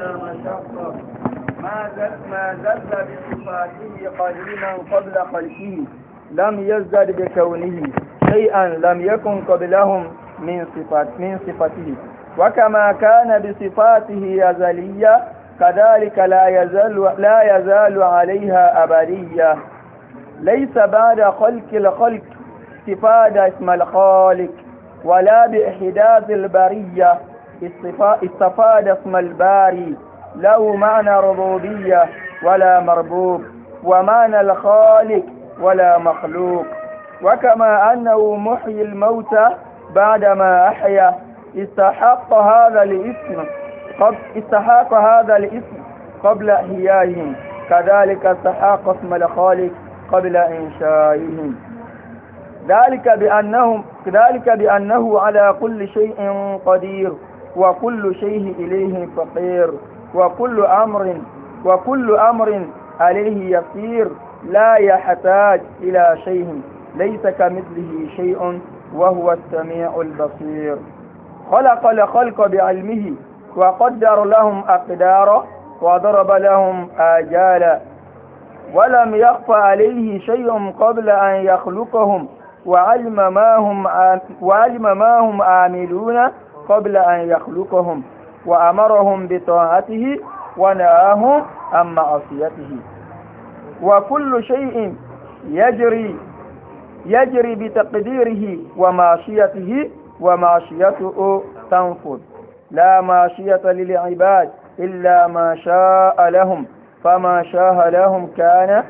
ما ما زل ما زل بصفاته قليلا قبل خلقه لم يزدد بكونه شيئا لم يكن قبلهم من صفات من صفته وكما كان بصفاته أزلية كذلك لا يزال لا يزال عليها أبدية ليس بعد خلق الخلق استفاد اسم الخالق ولا بإحداث البرية استفاد اسم الباري له معنى ربوبية ولا مربوب ومعنى الخالق ولا مخلوق وكما أنه محيي الموتى بعدما أحيا استحق هذا الاسم قبل استحق هذا الاسم قبل إحيائهم كذلك استحق اسم الخالق قبل إنشائهم ذلك بأنهم ذلك بأنه على كل شيء قدير وكل شيء إليه فقير وكل أمر وكل أمر عليه يسير لا يحتاج إلى شيء ليس كمثله شيء وهو السميع البصير خلق الخلق بعلمه وقدر لهم أقدارا وضرب لهم آجالا ولم يخف عليه شيء قبل أن يخلقهم وعلم ما هم وعلم ما هم عاملون قبل أن يخلقهم وأمرهم بطاعته ونهاهم عن معصيته وكل شيء يجري يجري بتقديره ومعصيته ومعصيته تنفذ لا معصية للعباد إلا ما شاء لهم فما شاء لهم كان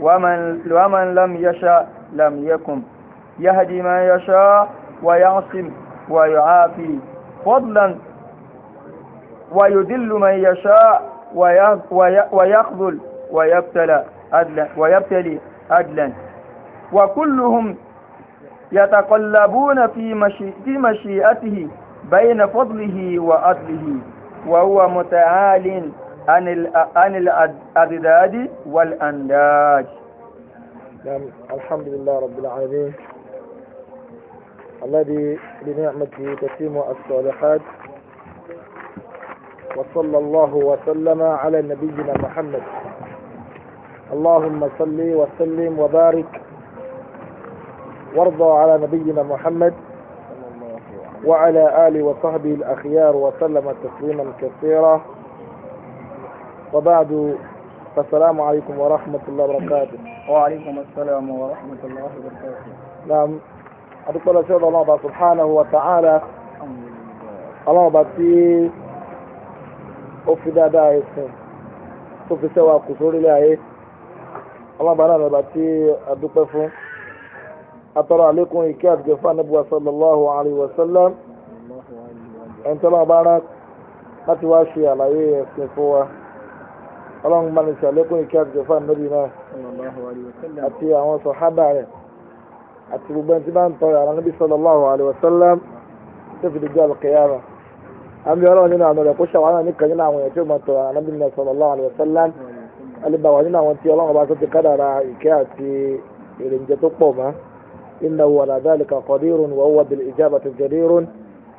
ومن, ومن لم يشاء لم يكن يهدي ما يشاء ويعصم ويعافي فضلا ويدل من يشاء ويخذل ويبتلى عدلا ويبتلي عدلا وكلهم يتقلبون في, مشيئته بين فضله وأدله وهو متعال عن عن الأضداد والأنداج نعم، الحمد لله رب العالمين الذي بنعمته تتم الصالحات وصلى الله وسلم على نبينا محمد اللهم صل وسلم وبارك وارضى على نبينا محمد وعلى آله وصحبه الأخيار وسلم تسليما كثيرا وبعد فالسلام عليكم ورحمة الله وبركاته وعليكم السلام ورحمة الله وبركاته نعم àdúpẹ́ lọ sí ọ̀dọ̀ ọlọ́ọ̀bà subhanahu wa ta'ala ọlọ́ọ̀bà tí ó fi dáadáa ẹ̀sìn tó fi sẹ́wà kù sórílẹ̀ ayé ọlọ́ọ̀bà náà lọ́ba tí àdúpẹ́ fún atọ́rọ àlékún ìkẹ́ àtìgẹ́ fún anábùwà sallallahu alayhi wa sallam ẹni tó lọ́ọ̀bà láti wá ṣe àlàyé ẹ̀sìn fún wa ọlọ́run bá ní ṣàlékún ìkẹ́ àtìgẹ́ fún anábì náà àti àwọn sọ̀hábà rẹ̀ àti gbogbo ẹni tí bá ń tọrọ àwọn Ànábì sallallahu alaihi wasallam tó fi dojú àlùkìyàmà àmì ọlọ́run nínú àwọn rẹ̀ kó ṣàwọn àwọn nìkan nínú àwọn èèyàn tí ó máa tọrọ àwọn Ànábì sallallahu alaihi wasallam alibawa nínú àwọn tí ọlọ́run bá tó ti kádàrà ìkẹ́ àti èròǹjẹ tó pọ̀ mọ́ innahu ala dhalika qadirun wa huwa bil ijabati jadirun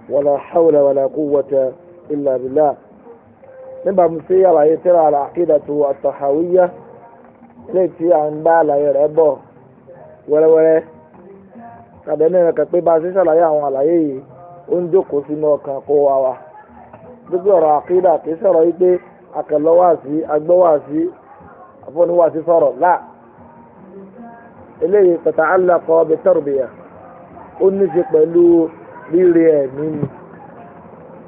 wala hawla wala wẹ́rẹ́wẹ́rẹ́ tàbí ẹni ẹ̀rọ kan pé bá a ṣe ṣàlàyé àwọn àlàyé yìí ó ń jókòó sínú ọkàn kó wa wa gbogbo ọ̀rọ̀ àkídà kì í sọ̀rọ̀ yìí si akẹlọ́wàsí agbọ́wàsí àfọ̀níwàsí sọ̀rọ̀ là eléyìí pẹ̀tà alákọ̀ ọbẹ̀ tẹ̀rùbìyà ó ní ṣe pẹ̀lú rírì ẹ̀mí ni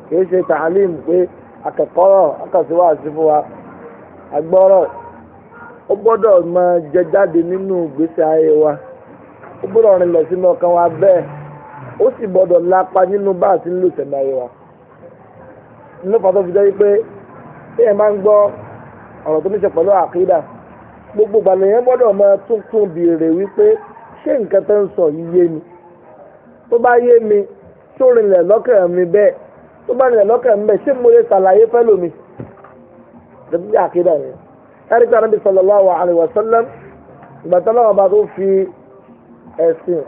kì í ṣe tàálìm pé akẹ́kọ̀ọ́ fún wa agbọ́rọ̀ ó gbọ́dọ̀ máa jẹ jáde nínú ìgbésí ayé wa. ó gbọ́dọ̀ rìn lọ sínú ọkàn wa bẹ́ẹ̀ ó sì gbọ́dọ̀ lápa nínú bá àti nílò ìṣẹ̀dáyé wa nínú fàtó fi jẹ́ wípé bí ẹ máa ń gbọ́ ọ̀rọ̀ tó ní ṣe pẹ̀lú àkídà gbogbo ìgbàlẹ̀ yẹn gbọ́dọ̀ máa tún tún béèrè wípé ṣé nǹkan tó ń sọ yìí yé mi tó bá yé mi tó rinlẹ̀ lọ́kàn mi bẹ́ẹ̀ tó bá rinlẹ̀ lọ́kàn mi bẹ́ẹ̀ ṣé mo lè ṣàlàyé fẹ́ lómi lọ́dún bí àkídà yẹn ẹ̀rí pé anábì sallallahu alaihi wasallam ìgbà tó lọ́wọ́ bá tó fi ẹ̀sìn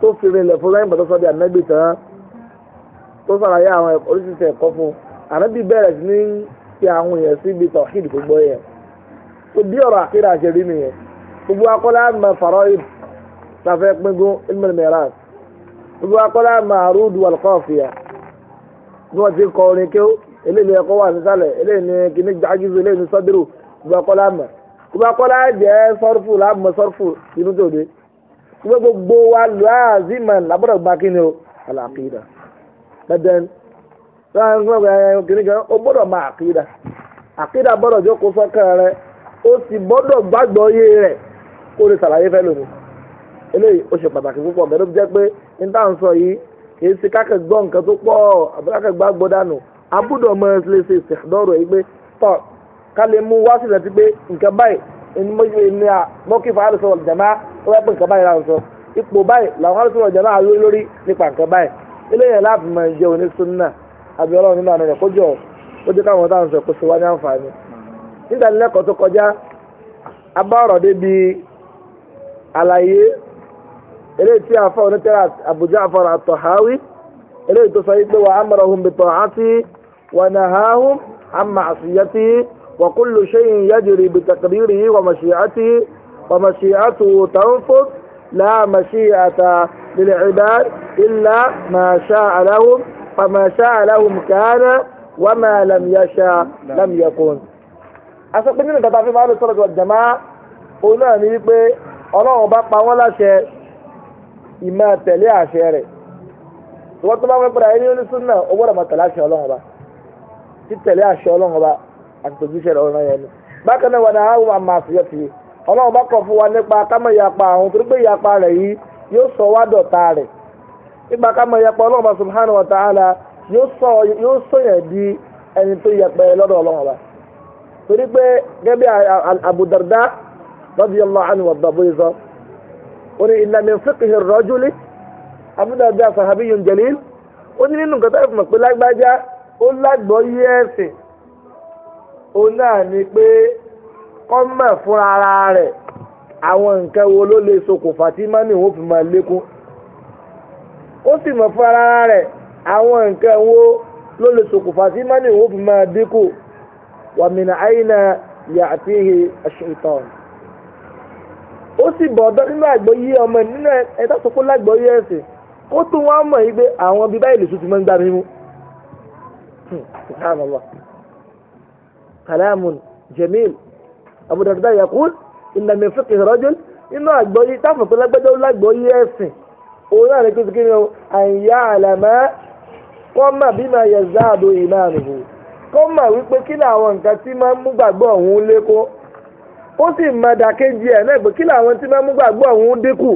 tó fi rinlẹ̀ fún lẹ́yìn pàtó sọ́dí ànábì tán tó sàlàyé àwọn oríṣiríṣi ẹ̀kọ́ fún ànábì bẹ̀rẹ̀ sí ní ti àwọn èèyàn síbi tọ̀hìd tó gbọ́ yẹn tó bí ọ̀rọ̀ àkírà ṣe rí nìyẹn gbogbo akọ́lá àmà faraid tàfẹ́ pínpín ilmul miras gbogbo akọ́lá àmà arúdù alkọ́ọ̀fìyà bí wọ́n ti kọ orin kí ó eléyìí ni ẹ̀kọ́ wà nísàlẹ̀ eléyìí ni kìíní jágìzì eléyìí ni sọ́dúrù gbogbo akọ́lá àmà gbogbo akọ́lá jẹ́ sọ́rfù láàmú sọ́rfù inú tòde ìwé gbogbo wa lù áàzìmọ̀ làbọ̀dọ̀ gba kí ni o àlàkìdà dandan kìnìkan ó gbọ́dọ̀ máa àkìdà O gbọ́dọ̀ jókòó sọ́kàn rẹ ó sì gbọ́dọ̀ gbàgbọ́ yé rẹ̀ kó lè ṣàlàyé fẹ́ lónìí eléyìí ó ṣe pàtàkì púpọ̀ bẹ́ẹ̀ ló jẹ́ pé ní tá à ń sọ yìí kìí ṣe kákẹ́ gbọ́ nǹkan tó pọ̀ àbúrákẹ́ gbá gbọ́dánù abúdọ̀ mọ́ ẹ lè ṣe ìṣèdọ́rọ̀ yìí pé tọ́ ká lè mú wá sílẹ̀ ti pé nǹkan báyìí ẹni mọ́jú ẹni à mọ́kì fún àlùsọ̀ ọ̀jàmá ó wá pé nǹkan báyìí láwọn sọ ipò báyìí làwọn àlùsọ̀ ọ̀jàmá àlórí lórí nípa nǹkan báyìí eléyìí láàfin máa ń jẹ́ òní súnà àbí ọlọ́run nínú àná rẹ̀ kójọ ó jẹ́ káwọn táwọn sọ kó ṣe wá ní àǹfààní. nígbà nílẹ́kọ̀ọ́ tó kọjá abá ọ̀rọ̀ débi àlàyé eléyìí tí àfọ onítẹ̀rẹ̀ àbújá وكل شيء يجري بتقديره ومشيئته ومشيئته تنفذ لا مشيئة للعباد إلا ما شاء لهم فما شاء لهم كان وما لم يشاء لم يكن asọ́pẹ́ nínú ìgbàgbọ́ àfihàn àlùsọ lọ́dọ̀ jama òun náà ní wípé ọlọ́run bá pa wọ́n láṣẹ ìmọ̀ tẹ̀lé àṣẹ rẹ̀ wọ́n tó bá wọ́n pẹ̀lú ayé ní onísùn náà ó gbọ́dọ̀ máa tẹ̀lé àṣẹ ọlọ́run ọba títẹ̀lé àṣẹ ọlọ́run ọba àtòjúṣe rẹ̀ ọ̀ràn yẹn ni. bákan náà wà ní àwọn àmà àṣeyọ ti ọlọ́run bá kọ̀ fún wa nípa kámọ̀ ìyapa àwọn torí pé ìyapa rẹ̀ yìí yóò sọ wá dọ̀tá rẹ̀ nípa kámọ̀ ìyapa ọlọ́run bá subhanahu wa ta'ala yóò sọ yẹn di ẹni tó yẹpẹ lọ́dọ̀ ọlọ́run bá torí pé gẹ́gẹ́ Abu Darda radiyallahu anhu wà bàbá yìí sọ ó ní inna min fiqhi ar-rajuli Abu Darda sahabiyyun jalil ó ní nínú nǹkan tó yẹ fún mi pé lágbájá ó lágbọ́ yẹ́ ẹ̀sìn òun náà ni pé kọ́mọ̀ fúnra ara rẹ̀ àwọn nǹkan wo ló lè ṣokùnfà tí mọ́nì òun fi máa lékún ó sì mọ̀ fúnra ara rẹ̀ àwọn nǹkan wo ló lè ṣokùnfà tí mọ́nì òun fi máa dínkù wàmìnà àyínà yàtíhì ṣètàn ó sì bọ̀ ọ̀dọ́ nínú àgbọ́yé ọmọ nínú ẹ̀dá tó kó ẹ̀sìn kó tún wá mọ̀ yí pé àwọn bíbá ìlú tuntun máa ń gbà mí mú. Hmm, كلام جميل أبو الدرداء يقول إن من فقه رجل إنه أكبر تعرف كل أكبر ولا أكبر يسن ولا نكتب كده أن يعلم قم بما يزداد إيمانه قم ويقول كده àwọn nǹkan tí máa ń mú gbàgbọ́ òun lékún ó sì máa dàkejì ẹ̀ náà pé kí làwọn tí máa ń mú gbàgbọ́ òun dínkù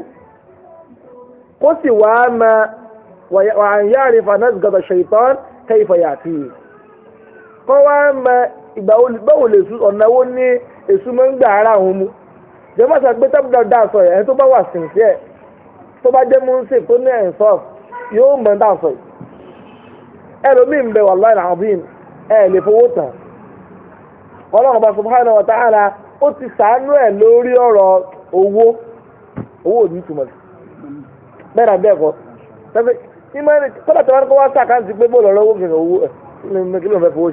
kó sì wàá máa wà á ń yáàrin fanas gàdọ̀ ṣèyítán kẹ́ ìfọ̀yà àti kọ́ wàá máa ìgbà báwo lè sùn ọ̀nà ní máa ń gbà ara òun mu jẹ́mọ́ sọ pé tábìlì ọ̀dà sọ yẹn tó bá wà sìnkì ẹ̀ tó bá jẹ́ múnsìn tó ní ẹ̀yìn sọ́ọ̀f yóò mọ̀ ń dà sọ yìí ẹlòmíín bẹ wà lọ́yìn àwọn ẹ̀ lè fowó ọlọ́run bá ó ti sàánú ẹ̀ lórí ọ̀rọ̀ owó owó ò ní túmọ̀ sí bẹ́ẹ̀ náà bẹ́ẹ̀ kọ́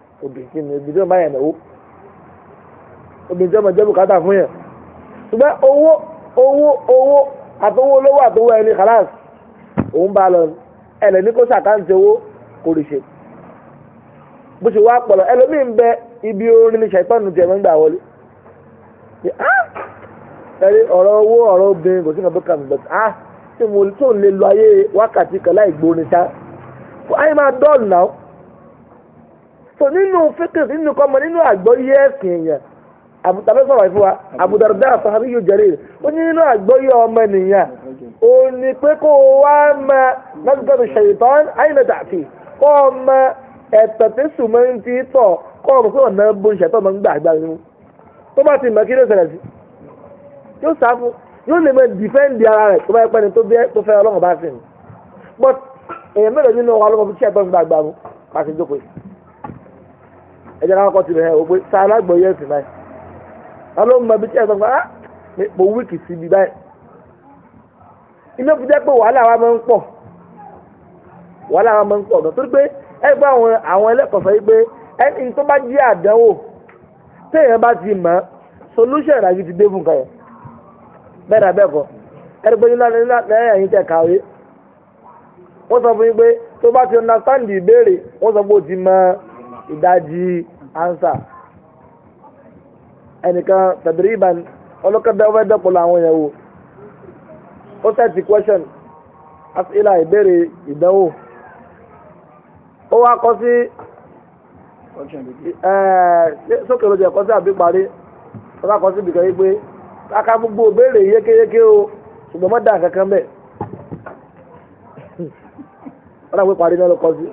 obìnrin tí mo obìnrin tí mo bá yẹn náwó obìnrin tí mo jẹ́ bùkátà fún yẹn ṣùgbọ́n owó owó owó àtọwó olówó àtọwó ẹni kàlàs òun bá lọ ẹlẹ́ni kó ṣàkáǹtì owó kò lè ṣe bó ṣe wá pọ̀lọ́ ẹlòmíín bẹ ibi orin ní ṣàìtọ́nù tiẹ̀ mẹ́gbà wọlé ẹni ọ̀rọ̀ owó ọ̀rọ̀ obìnrin kò sí nǹkan tó kà mí bẹ̀tẹ̀ ah tí mo tó lè lo ayé wákàtí kan láì gbóni ta ayé máa dọ́ọ̀lù náà so nínú fíkì nínú kọ́mọ nínú àgbọ́yé ẹ̀sìn èèyàn àbútàbẹ́ sọ̀rọ̀ ìfún wa àbúdàrúdà àfahàbí yóò jẹ́rè ó ní nínú àgbọ́yé ọmọ nìyàn ó ní pé kó o wá mọ lọ́sọ̀tọ̀ ṣèyítán àyìnbẹ̀ tààtì kó o mọ ẹ̀tọ̀ tí sùnmọ́ ń ti tọ̀ kó o mọ̀ pé ọ̀nà bó ń ṣẹ̀tọ̀ máa ń gbà gbà nínú tó bá ti mọ̀ kí ló ṣẹlẹ̀ sí yóò sáfù yóò lè mọ dìfẹ́ǹdì ara rẹ̀ tó bá yẹ pẹ́ni tó fẹ́ ọlọ́run bá sìn but èèyàn mélòó nínú wa lọ́mọ fi ṣẹ́ẹ̀tọ́ ń gbàgbà mu pàṣẹ jókòó yìí ẹ̀jẹ̀ ká kọ́kọ́ ti rẹ̀ o pé tá a lágbọ̀ yẹ̀ sí báyìí wọn ló ń mọ ibi tí ẹ sọ pé ah mo wíìkì sí ibi báyìí ilé fi jẹ́ pé wàhálà wa máa ń pọ̀ wàhálà wa máa ń pọ̀ gan torí pé ẹ gbọ́ àwọn àwọn ẹlẹ́kọ̀ọ́ sọ yìí pé ẹni tó bá jẹ́ àdánwò téèyàn bá ti mọ̀ solution ìràgì ti dé fún kan yẹn bẹ́ẹ̀ náà bẹ́ẹ̀ kọ́ ẹni pé nínú lẹ́yìn ẹ̀yìn tẹ̀ kàwé wọ́n sọ fún yín pé tó bá ti understand ìbéèrè wọ́n sọ pé o ti mọ̀ ọ́ ìdajì ansa ẹnìkan tadriban ọlọ́kadà ọ̀fẹ́ dẹ́kun àwọn yẹn wò ó sẹ́ẹ̀tì question asila ìbéèrè ìdánwò ó wá kọ sí sókè lójú ẹ̀kọ́ sí àbí parí ó wá kọ sí ibìkan yìí pé káka gbogbo béèrè yékéyéké o ṣùgbọ́n mọ́ dà kankan bẹ́ẹ̀ ó dà parí náà ló kọ sí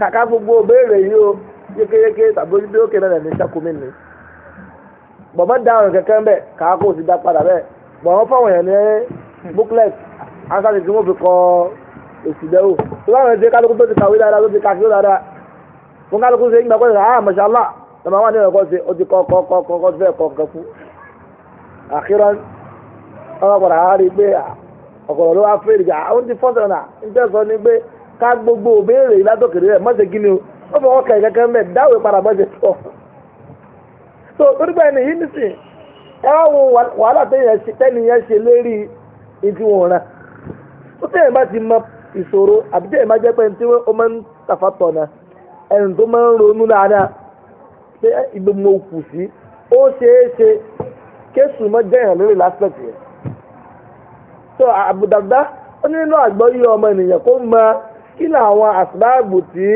kàkà gbogbo béèrè yìí o yékéyéké tàbí ojú òkè náà ní sẹ́kùnmí ni bọ̀mọ́ dáhùn kẹ̀kẹ́ ń bẹ̀ kàá kó o ti dá padà bẹ́ẹ̀ bọ̀mọ́ fáwọn èèyàn ní booklet ansáni tí wọ́n fi kọ èsì dẹ́wò tó bá wọn ṣe kálukú tó ti kàwé dáadáa tó ti kà kíó dáadáa fún kálukú ṣe ń gbà kọ́ ṣe ah mọ̀ṣálá tọ́mọ wọn ní ẹ̀kọ́ ṣe ó ti kọ́ kọ́ kọ́ kọ́ kọ́ fẹ́ kọ́ kẹ́kú àkírọ́ ọmọ padà á rí i pé ah, ọ̀gọ̀rọ̀ ló wá fèrè jà ó ń ti fọ́sẹ̀ náà ń tẹ̀sọ́ ní pé ká gbogbo òbéèrè ládòkèrè rẹ̀ mọ́sẹ̀ gíní o ó fọwọ́ kẹ̀ kẹ́kẹ́ mẹ́ dáwé padà mọ́sẹ̀ pọ̀. so torí pé ẹni yìí nìsín ẹ wá wo wàhálà tẹ́ni yẹn ṣe lérí ìdí ó bá ti mọ ìṣòro àbí tẹ̀yìn bá jẹ́ pé tí ó máa ń tàfà tọ̀nà ẹni tó máa ń ronú dáadáa pé ibi sí ó ṣeé ṣe kéṣù kí làwọn àsìbáàbù tí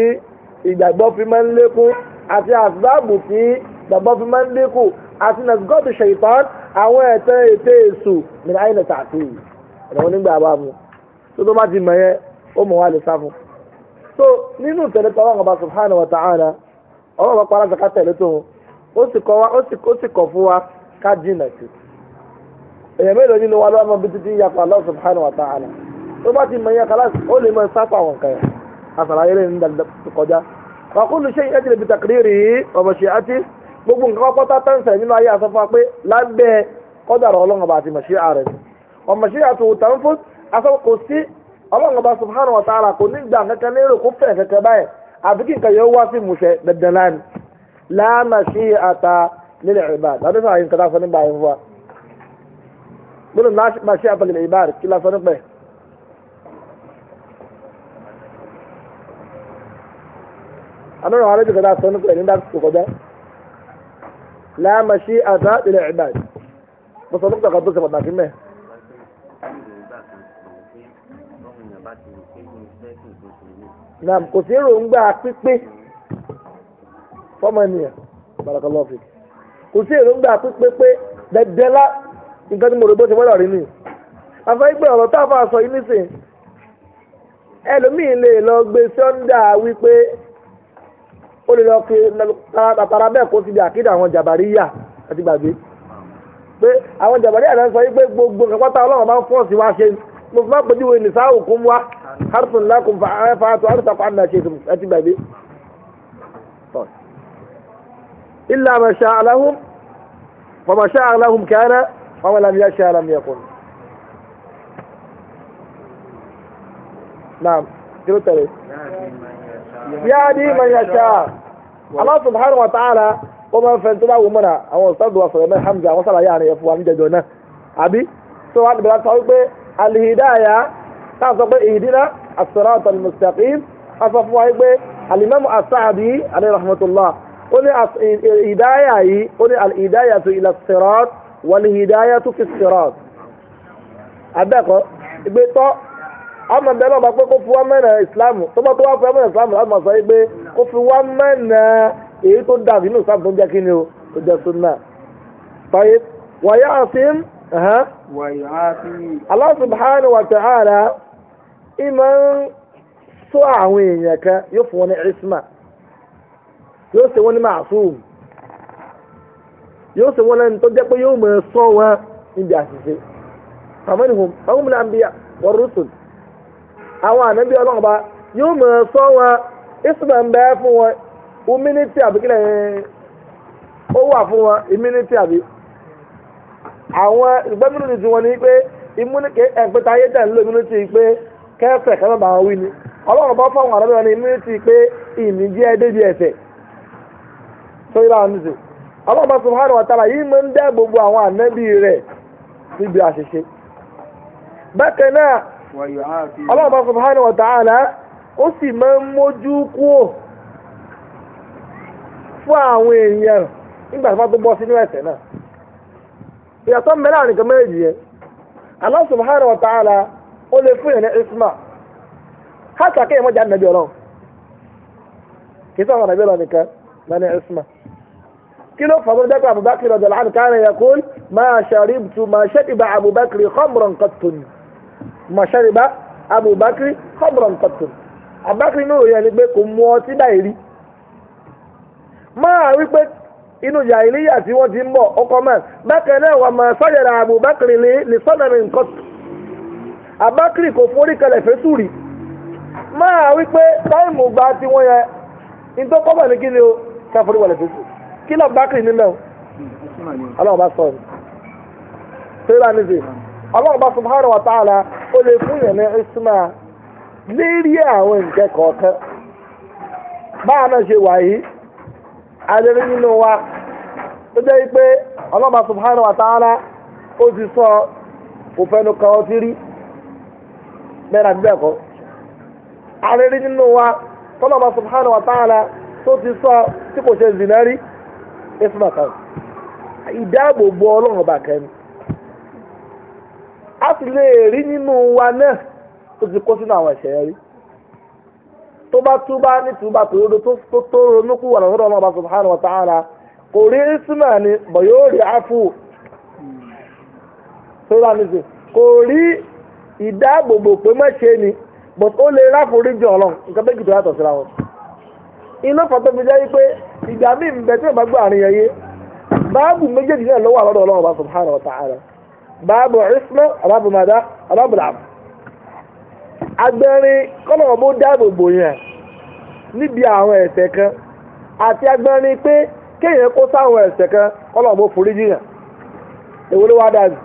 ìgbàgbọ́ fi máa ń lékún àti àsìbáàbù tí ìgbàgbọ́ fi máa ń dínkù àti nàìjíríà ṣèyítán àwọn ẹ̀tẹ́ ètè èṣù mìíràn ayé nàìjíríà àti ọ̀nà wọn nígbà bá tó tó má ti mọ̀ yẹn ó mọ̀ wá lè sá fún. so nínú tẹ̀lé tọ́wọ́ àwọn ọba subhanahu wa ta'ala ọlọ́run bá parí àzàká tẹ̀lé tó wọn ó sì kọ́ wa ó sì kọ́ fún wa ká jìnà sí. èèyàn mélòó nínú wa lọ́wọ́ ọmọ bíi títí ń yapa Allah subhanahu wa ta'ala tó bá ti mọ yẹn kálá ó lè mọ sáfà wọn kàn yẹn àṣàlàyé lè ń dàgbà kọjá kọkúlù ṣe ìyẹn ti lè fi tàkìrìrì ọmọ ṣe àti gbogbo nǹkan pátá tẹ̀sán nínú ayé àsọfà pé lábẹ́ kọ́dàrà ọlọ́run ọba àti mọ̀ṣẹ́ ààrẹ ni ọmọ ṣe àti òtàn fún aṣọ kò sí ọlọ́run ọba subhanahu wa ta'ala kò ní gbà kankan lérò kó fẹ̀ kankan báyìí àfi kí nǹkan yẹn wá sí ìmúṣẹ dandan láàmì láàmà ṣe àta lílẹ̀ ìbá dáadáa sọ àyè nǹkan tá a sọ nígbà yẹn fún wa gbọ́dọ̀ àmọ́ràn àwọn alájọ kọjá sọ́nù pẹ̀lú nígbà tó kọjá láàmà sí àtà ilẹ̀ ìbàd mo sọ nípa kan tó ṣe pàtàkì mẹ́. naam kò sí èròǹgbà pípé fọmọ ènìyàn barakallahu fik kò sí èròǹgbà pípé pé dẹdẹlá nǹkan tí mo rò bó ṣe wọ́n lọ́ọ̀rí nìyí àfẹ́ gbé ọ̀rọ̀ tá a yìí nísìnyí ẹlòmíín lè lọ gbé sọ́ńdà wípé ó lè lọ kí tàtàrà bẹ́ẹ̀ kó síbi àkídà àwọn jàbáríyà àti gbàgbé pé àwọn jàbáríyà náà sọ wípé gbogbo nǹkan pátá ọlọ́run máa ń fọ́ sí wa ṣe mo fi máa pèjú wo nìsá òkun wa harsun lakum fa àtò àrùtàkọ àmì àṣẹ ìtumù àti gbàgbé. illa ma sha alahum wa ma sha alahum kana wa ma lam yasha naam kí ló tẹ̀lé yáàdì mayasa Allah subhanahu wa ta'ala wọ́n máa ń fẹ́ tó bá wù mọ́ra àwọn ọ̀sán ìdùnnà sọ̀rọ̀ mẹ́rin hamza àwọn sàlàyé àrùn ẹ̀fọ́ àmì jẹjọ náà àbí tó wà níbi láti sọ wípé alihidaya táà sọ pé ìdínà as-siratal mustaqim a sọ fún wa wípé alimami asaabi alayhi rahmatullah ó ní ìdáyà yìí ó ní alihidaya tó ila sirat walihidaya tó fi sirat abẹ́ẹ̀kọ́ ìgbé tọ́ ama bẹ́ẹ̀ náà pé kó fi wá mẹ́nà islam tó tó wá fi wá mẹ́nà láti máa sọ yìí pé kó fi wá mẹ́nà èyí tó dàbí inú ìsìlámù tó ń jẹ́ kí ni o tó jẹ́ wàyà àfin wàyà àfin. wa ta'ala ìmọ̀ ń sọ àwọn èèyàn kan yóò fún wọn ní ìsìmà yóò wọn ní yóò ṣe wọn lẹ́nu tó jẹ́ pé yóò mọ̀ ẹ́ sọ wọn níbi àṣìṣe. àmọ́ àwọn ànábì ọlọ́run bá yóò mọ̀ sọ wọn ìsúnmọ̀ ń bẹ́ fún wọn humility àbí kílẹ̀ ó wà fún wọn immunity àbí àwọn ìgbẹ́mínú wọn ni pé immunity ẹ̀pẹ́ta ayé tẹ̀ ń lo immunity pé kẹ́fẹ̀ kẹ́fẹ̀ bá wí ni ọlọ́run bá fún àwọn ànábì wọn pé ìní jẹ́ débi ẹ̀sẹ̀ tó ọlọ́run bá Allah subhanahu wa ta'ala ó sì máa ń mójú kúò fún àwọn èèyàn nígbà tó bá tó bọ́ sínú ẹ̀ṣẹ̀ náà ìyàtọ̀ mẹ́rin àrùn kan méjì yẹn Allah subhanahu wa ta'ala ó lè fún yẹn ní isma hátà kéèyàn mọ́jà nàbí ọlọ́run kì í sọ̀rọ̀ nàbí ọlọ́run nìkan lẹ́ni isma kí ló fà mọ́ dẹ́kun Abubakar radiyallahu anhu kana yaqul ma sharibtu ma shariba Abubakar mọ̀ṣẹ́rìbá abubakar kọ́bùrọ̀n kọ̀tù abubakar inú rẹ̀ ni pé kò mu ọtí báyìí rí máa wí pé inú jàìlíyà tí wọ́n ti ń bọ̀ ọkọ̀ mọ́ bákan náà wà máa sọ́yẹ̀rẹ̀ abubakar ní lìsọ́nàmì kọ̀tù abubakar kò forí kalẹ̀ fẹ́tù rí máa wí pé táìmù gba tiwọn yẹn nítorí kọ́bọ̀ ní kí ni o káforí wọlé fẹ́tù kí lọ́ọ́ abubakar nílẹ̀ o hmm, ọlọ́run bá sọ̀rọ̀ tẹ́lẹ̀ ọlọ́run bá subhanahu wa ta'ala ó lè fún yẹn ní isma lérí àwọn nǹkan kọ̀ọ̀kan báwa náà ṣe wà yìí adẹ́rẹ́ nínú wa tó jẹ́ pé ọlọ́run bá subhanahu wa ta'ala ó ti sọ òfẹ́nu kan ó ti rí bẹ́ẹ̀ àti bẹ́ẹ̀ kọ́ adẹ́rẹ́ nínú wa tọ́lọ́run bá subhanahu wa ta'ala tó ti sọ tí kò ṣe zìnà rí isma kan ìdáàbòbò ọlọ́run bá kẹ́ni. a sì lè rí nínú wa náà tó ti kó sínú àwọn ẹ̀ṣẹ̀ rí tó bá túbá ní túbá tòrodo tó tó ronú kú wàlá lọ́dọ̀ ọlọ́ọ̀bá subhanahu wa ta'ala kò rí isma ni bọ̀ rí afu tó rà nísìnyí kò rí ìdáàbòbò pé má ṣe ni but ó lè ráforí jọ ọlọ́run nǹkan bẹ́ẹ̀ kìtọ́ yàtọ̀ síra wọn. iná fọ́tọ́ fi jẹ́ pé ìgbà míì ń bẹ tí báàbù ismu àbábù màdá àbábù làbù agbẹ́rin kọ́nà ọ̀bọ dáàbò yẹn níbi àwọn kan àti agbẹ́rin pé kéèyàn kó sáwọn ẹ̀ṣẹ̀ kan kọ́nà ọ̀bọ foríjì yẹn èwo ló wá dàbí.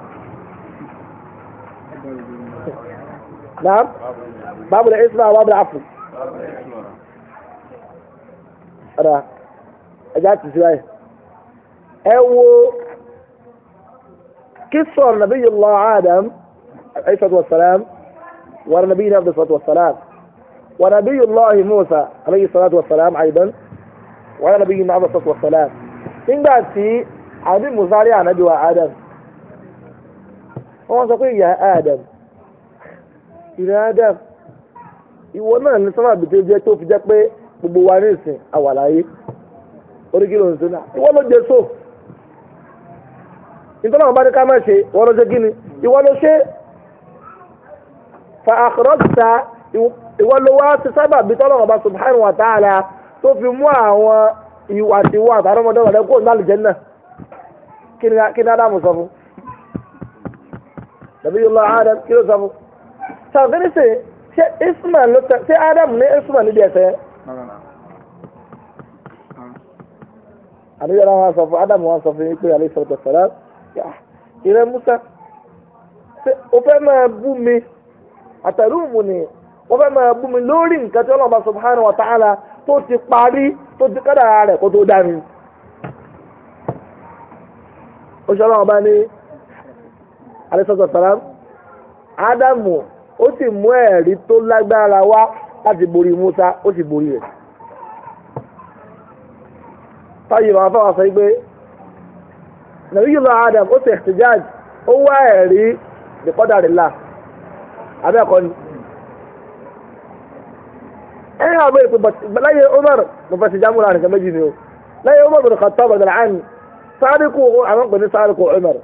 Naam báàbù ẹ wo. قصة نبي الله آدم عليه الصلاة والسلام ونبينا عليه الصلاة والسلام ونبي الله موسى عليه الصلاة والسلام أيضا ونبينا عليه الصلاة والسلام إن بعد في عبد موسى wa adam wọ́n sọ pé ìyá adam ìrẹ adam ìwọ náà ní sọmọ àbìtẹ jẹ tó fi jẹ pé gbogbo wa ní ìsìn nítorí àwọn bá ní ká má ṣe wọ́n ló ṣe kí ni ìwọ ló ṣe fa àkọ́rọ́sà ìwọ ló wá sí sábà bí tọ́lọ́ ọba subhanahu wa ta'ala tó fi mú àwọn ìwà tiwọ́ àtàwọn ọmọdé wọn lẹ́kọ̀ọ́ ní àlùjánnà kí ni ádámù sọ fún nabiyullah adam kí ló sọ fún sàgbẹ́ni sè ṣé ismail ló tẹ ṣé adam ní ismail níbi ẹ̀sẹ̀ yẹn. àníyàrá wọn sọ fún adam wọn sọ fún yín pé alayhi salatu wa salam. Ah, ìrẹ́ Musa o fẹ́ máa bú mi àtàlùmù ni wọ́n fẹ́ máa bú mi lórí nǹkan tí ọlọ́ọ̀bá subhanahu wa ta'ala tó ti parí tó ti kádàrá rẹ̀ kó tó dá mi. oṣù ọlọ́ọ̀bá ní alẹ́sọ̀tọ̀ sàlám ádámù ó sì mú ẹ̀rí tó lágbára wá láti borí Musa ó sì borí rẹ̀. táyì wàá fọwọ́ sọ pé Nabiyullah Adam ó ṣe ihtijaj ó wá ẹ̀rí bi qadarillah abẹ́ẹ̀kọ́ ni. ẹ̀yin àwọn ìpè láyé Umar mo fẹ́ ti já múra nìkan méjì ni o láyé Umar bin Khattab bin al-an sáríkù àwọn pè ní sáríkù Umar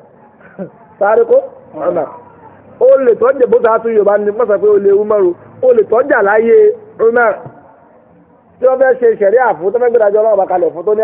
sáríkù Umar ó lè tọ́jà bó ta tún Yorùbá ni mọ́sàkó ó lè Umar ó lè tọ́jà láyé Umar tí wọ́n fẹ́ ṣe ṣẹ̀rí àfún tó fẹ́ gbé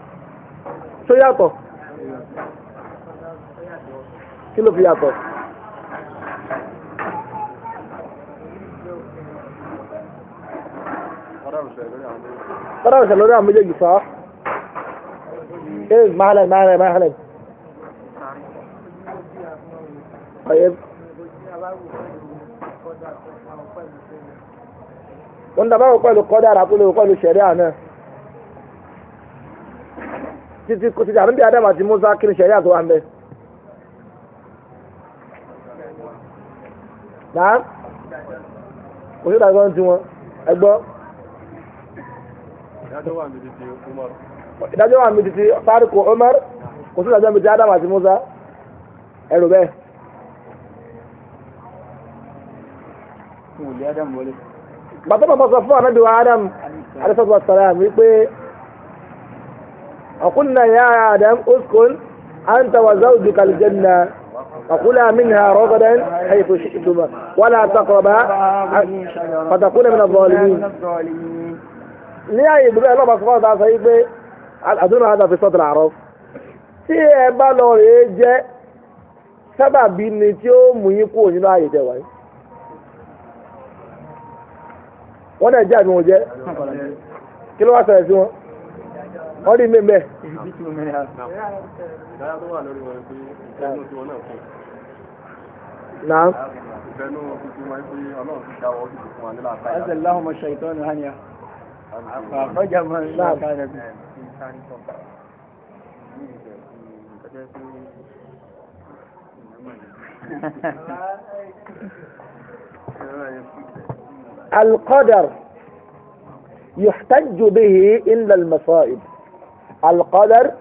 tó yàtọ̀ kí ló fi yàtọ̀. Tọ́lá ìṣẹ̀lẹ̀ lórí àwọn méjèèjì sọ. Ṣé máàlẹ̀ máàlẹ̀ máàlẹ̀? Ọ̀yẹ́. Wọ́n dábàá wò pẹ̀lú kọ́dà àràkúlẹ̀ wò pẹ̀lú ṣẹ̀rí àná títí títí ànábì Adam àti Musa kiri sẹ̀rí àti wàhánbẹ́. náà òṣèlú àgbọn ti wọn ẹ gbọ́. ìdájọ́ wà mí títí Umar. ìdájọ́ wà mí títí fárikù Umar kò sí ìdájọ́ mi ti Adam àti Musa ẹrù bẹ́ẹ̀. bàtà bàbá sọ fún ànábì wa Adam alẹ́ sọ́kùn wa sàlẹ̀ àmì pé. وقلنا يا آدم اسكن أنت وزوجك الجنة فكلا منها رغدا حيث شئتما ولا تقربا فتكون من الظالمين ní àyè ìdúró ẹ lọ́ba sọ́kọ́ ta sọ yí pé àdúrà àdá fi sọ́tàlá àrọ́ tí ẹ bá lọ rèé jẹ́ sábàbí ni tí ó mú yín kúrò nínú àyè jẹ wáyé wọ́n dẹ̀ jẹ́ àbí wọn jẹ́ kí ló wá ṣẹlẹ̀ sí wọn. هذي من نعم عز اللهم الشيطان هنيا القدر يحتج به إلا المصائب القدر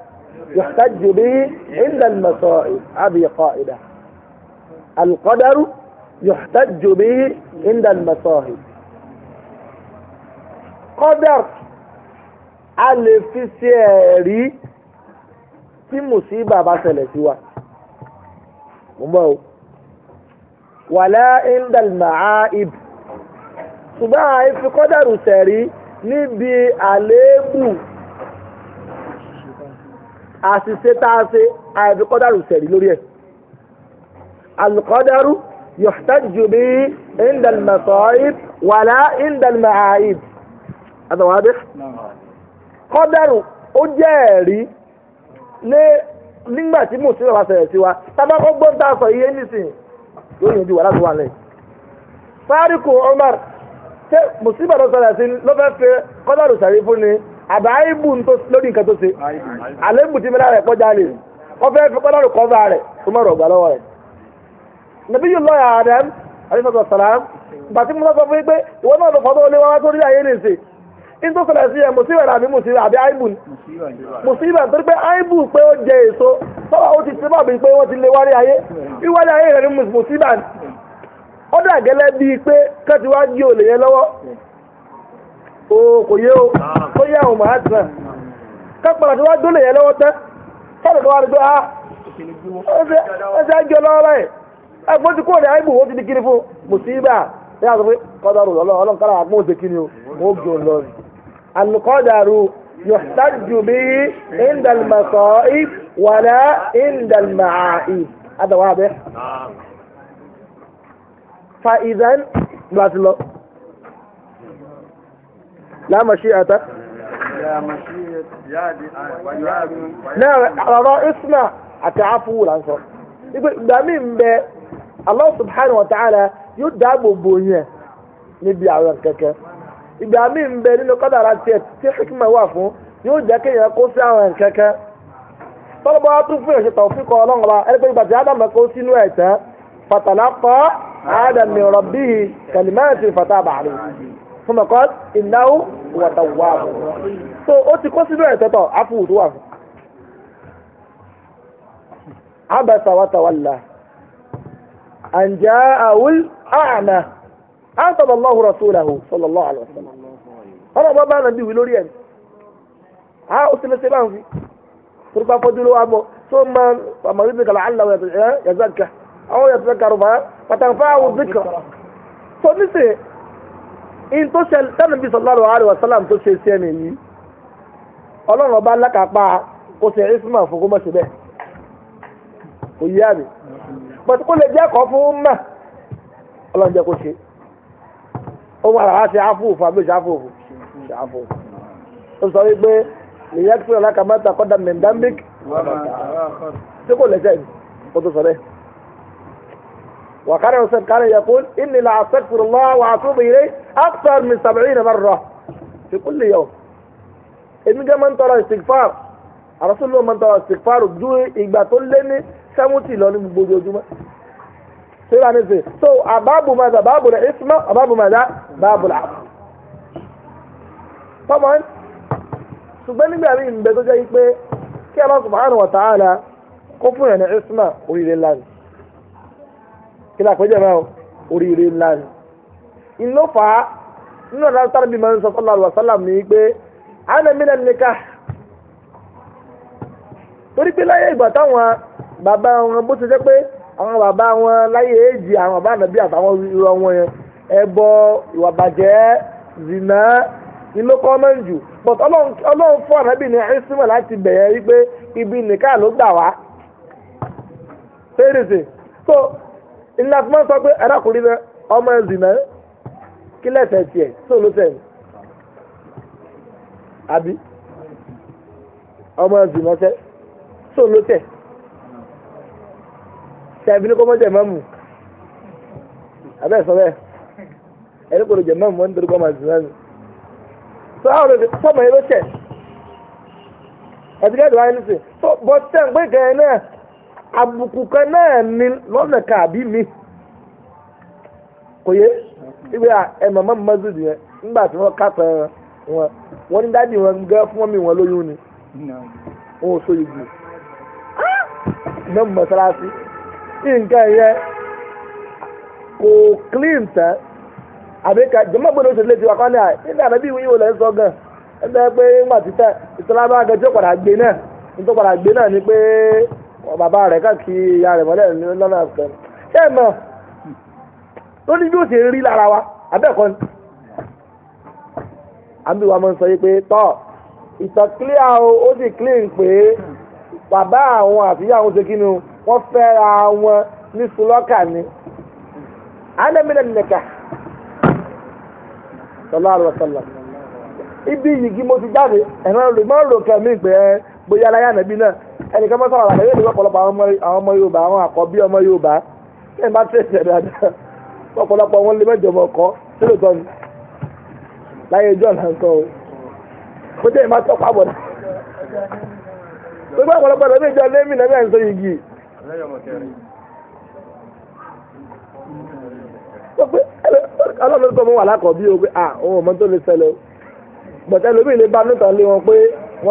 يحتج به عند المصائب هذه قائدة القدر يحتج به عند المصائب قدر ألف سيري في مصيبة بسلة سوى مباو ولا عند المعائب سبعة في قدر ساري نبي عليكم àṣìṣe tá a ṣe àìfi kọ́dàrú sẹ̀rí lórí ẹ̀ alùkọ́dàrú yọ̀tàjù bí indalmasọ́ib wàlá indalmahaib àtàwádé kọ́dàrú ó jẹ́ ẹ̀rí lé nígbà tí mùsùlùmí bá ṣẹlẹ̀ sí wa tabakọ́ gbọ́n tá a sọ iye nísìn yóò yanjú wàhálà tó wà lẹ́yìn. fáríkù Umar ṣé mùsùlùmí bá lọ sí lọ́fẹ́ fẹ́ kọ́dàrú sẹ̀rí fún ni àbá àìbù lórí nǹkan tó ṣe àlébù tí mẹ́lá rẹ̀ kọjá lè wọ́n fẹ́ fipá lọ́rùn kọ́fà rẹ̀ tó mọ̀rọ̀ ọ̀gbà lọ́wọ́ rẹ̀. nàbí yìí lọ́ọ̀yà adam àdìsọ́tọ̀ sàlám bàtí mo lọ́sọ fún yín pé ìwọ náà lọ fọdọ́ olówó tó rí àyè lè ṣe nítorí sọ̀rọ̀ sí ẹ̀ mùsíbà àbí mùsíbà àbí àìbù mùsíbà torí pé àìbù pé ó jẹ èso tọ́wọ́ ó ti síbà bíi pé wọ́n ti lé wálé ayé wíwálé ayé rẹ̀ ní mùsíbà ó dà gẹ́lẹ́ bíi pé kẹ́tiwájú ò lè yẹ lọ́wọ́ o kò yé o ó ah. yẹ àwọn màá dùn ká padà tó wá dólè yẹn lọ́wọ́ tẹ́ sọ́dọ̀ tó wá dùn á ah, ẹsẹ̀ ẹjọ́ lọ́wọ́ báyìí ẹgbẹ́ ti kúrò ní àìbù ó ti di kiri fún mùsíbà ní àwọn sọ pé kọ́dọ̀rù ọlọ́run kára àgbọ̀n ṣe kiri o ó gbé lọ rí alùkọ́dàrú yọ̀sájú bí ìndàlmàsọ̀ ìwàlá ìndàlmàáì adàwọ̀ abẹ́ ah. fa ìdán gbàtí lọ. لا مشيئة لا مشيئة لا ọ̀rọ̀ isma àti afu là ń sọ ìgbà mi ń bẹ wa ta'ala yóò dáàbò bò yẹn níbi àwọn kẹ̀kẹ́ ìgbà mi ń bẹ nínú kádàrá tiẹ̀ tí hikima wà fún yóò jẹ́ kéèyàn kó sí àwọn kẹ̀kẹ́ tọ́lọ́bọ̀ tún fún ìṣe ثم قال إنه هو تواب so ó ti kó sínú ẹ̀tọ́tọ̀ áfù tó wà fún abasa wa tawalla an ja'ahu al-a'ma ataba Allahu rasulahu sallallahu alaihi wasallam ọmọ bàbá nàbí wí lórí ẹ̀ a ó sì lẹ́sẹ̀ báwọn fi turba fojú ló wà bọ̀ tó máa àmọ́ ibi kàlà àlà yàtọ̀ yàtọ̀ kà àwọn yàtọ̀ kà rọ̀ fà pàtàkì fáwọn zikr so nísìnyí in tó ṣe tẹ́lẹ̀ bí sallallahu alaihi wasallam tó ṣe sí ẹni yìí ọlọ́run ọba lákàpá kó ṣe isma fún kó mọ̀ síbẹ̀ kò yí àmì bọ̀tí kó lè jẹ́ kọ́ fún mọ̀ ọlọ́run jẹ́ kó ṣe ọmọ àrà ṣe àfòfò àbí ṣe àfòfò ṣe àfòfò ó sọ wípé lèyẹ́ kí fúnra lákàmọ́ta kọ́dà mẹ́ndàmbík ṣé kò lẹ́sẹ̀ kó tó sọ bẹ́ẹ̀. وكان الرسول كان يقول إني لأستغفر الله وأتوب إليه أكثر من سبعين مرة في كل يوم èmi jẹ́ máa ń tọrọ ìsìnkfàr àròsùn ló máa ń tọrọ ìsìnkfàr ju ìgbà tó lé ní sẹ́mùtì lọ ní gbogbo ojoojúmọ́. síra ní sè so àbábù máa dà báàbù rẹ̀ ìsúná àbábù máa dà báàbù rẹ̀ àbù. tọ́mọ ń ṣùgbọ́n nígbà míì ń bẹ tó jẹ́ pé kí Allah subhanahu wa ta'ala kó fún yẹn ní ìsúná oríire lánàá. kí la pẹ́jẹ́ máa oríire ńlá ni. ìlọ́fà nínú ọ̀nà sálábì máa ń sọ sọ́lá àlùwà sálàm ní pé àánà mí lẹ́nu nìka torí pé láyé ìgbà táwọn bàbá wọn bó ti jẹ́ pé àwọn bàbá wọn láyé èjì àwọn bàbá ànàbí àtàwọn irọ́ wọn yẹn ẹbọ ìwà bàjẹ́ zìnà ìlú but ọlọ́run fún láti bẹ̀yẹ wípé ibi nìka ló gbà wá so ilé àti máa sọ pé arákùnrin náà ọmọ ẹ̀sìn náà kí lẹ́sẹ̀ tiẹ̀ tó ló sẹ̀ àbí ọmọ ẹ̀sìn náà sẹ́ tó ló sẹ̀ sẹ́ẹ̀bí ní kó mọ́ jẹ̀ mọ́mù abẹ́ sọ bẹ́ẹ̀ ẹni kò lè jẹ̀ mọ́mù wọ́n dorúkọ ọmọ ẹ̀sìn ni sọ àwọn ọ̀rẹ́ sọmọ yẹn ló pé náà. abuku kan náà ni lọ́nà kàbí mi kò yé ibi à ẹ màmá mi mọ́sùn yẹn nígbà tí kàtà wọn wọ́n ní dáàdi wọn fún mi wọn lóyún ni wọn ò so yìí jù iná mọ́sálásí nǹkan yẹ kò clean tán àbí ká jọmọ́ à nígbà bàbá rẹ̀ káàkiri ìyá rẹ̀ mọ́lẹ̀ ní lọ́nà àfẹ́ ṣé ẹ mọ̀ ó ní yóò ṣe rí lára wa abẹ́ẹ̀kọ́ ni àmì wa máa ń sọ yìí pé tọ́ ìtàn clear o ó sì clean pé bàbá àwọn àtìyá àwọn ṣe kíni wọ́n fẹ́ra wọn ní sulọ́kà ni anamílẹ̀ nìkà sallallahu alaihi wasallam ibi yìí kí mo ti jáde ẹ̀rọ lè má lò kẹ́mi pé bóyá aláyà nàbí náà ẹnìkan mọ́ sọ̀rọ̀ àlàyé ìlú ọ̀pọ̀lọpọ̀ àwọn ọmọ Yorùbá àwọn àkọ́bí ọmọ Yorùbá ṣé n bá tẹ̀sí ẹ̀ dáadáa ọ̀pọ̀lọpọ̀ wọn lé mẹ́jọ ọmọ ọkọ tí lóòótọ́ ni láyé John hansan o kó jẹ́ ìmá tọ́pọ̀ àbọ̀dá gbogbo ọ̀pọ̀lọpọ̀ lọ́dún ìjọ lẹ́mí náà bẹ́ẹ̀ ń sọ igi. ọlọ́run tó mú wà lákọ̀ọ́bí o pé à òun ò mọ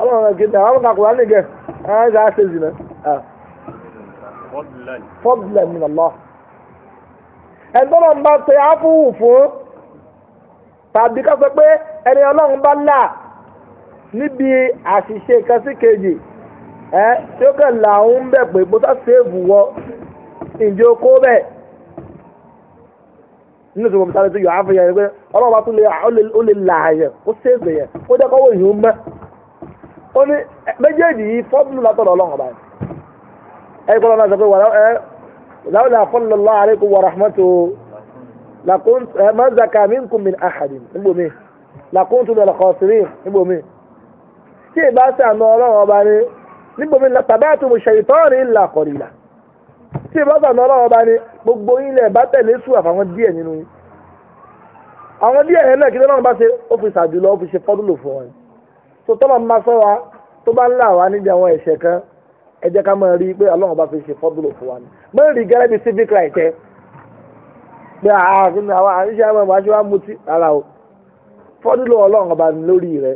ọlọ́run náà kéde àwọn kakọ̀ wá nìkẹ́ ẹ̀ ẹ́ ṣe zina. fọ́dùlẹ̀ mi lọ. ẹ̀dọ́rọ̀ ń bá ṣe áfúwù fún tàbí ká sọ pé ẹni ọlọ́run bá là níbi àṣìṣe kan sí kejì ẹ tí ó kàn là ń bẹ̀ pé bó sá ṣéèfù wọ ìjọ kó bẹ́ẹ̀ nínú ìṣòro mi sáré tó yọ àfihàn yẹn pé ọlọ́run bá tún lè là yẹn ó ṣéèfù yẹn ó jẹ́ kọ́wọ́ ìhun mẹ́ ó ní eh, méjèèjì yìí fọ́bùlù látọ̀dọ̀ ọlọ́run ọba ẹ̀ kọ́ lọ́nà sọ pé láwọn àfọ́lù lọ́wọ́ àríkù wà ràhmàtò mọ́zàkà mí nkùn mi àhàdì níbo mi làkúntù lọ́la kọ́sìrì níbo mi tí ì bá sànù ọlọ́run ọba ni níbo mi tàbátù mu ṣèyítọ́ọ̀rì ńlá kọ̀rìlà tí ì bá sànù ọlọ́run ọba ni gbogbo yín lẹ̀ bá tẹ̀lé sùn àfàwọn díẹ̀ nínú yín tó tọ́lọ̀ ń bá fẹ́ wa tó bá ń là wá níbi àwọn ẹ̀ṣẹ̀ kan ẹ jẹ́ ká máa rí i pé ọlọ́run bá fi ṣe fọ́dúró fún wa ni mo rí gẹ́gẹ́ bí civic right ẹ pé ààrùn àwọn àríṣẹ́ àwọn ọmọ wa mutí rárá o fọ́dúró ọlọ́run ọba lórí rẹ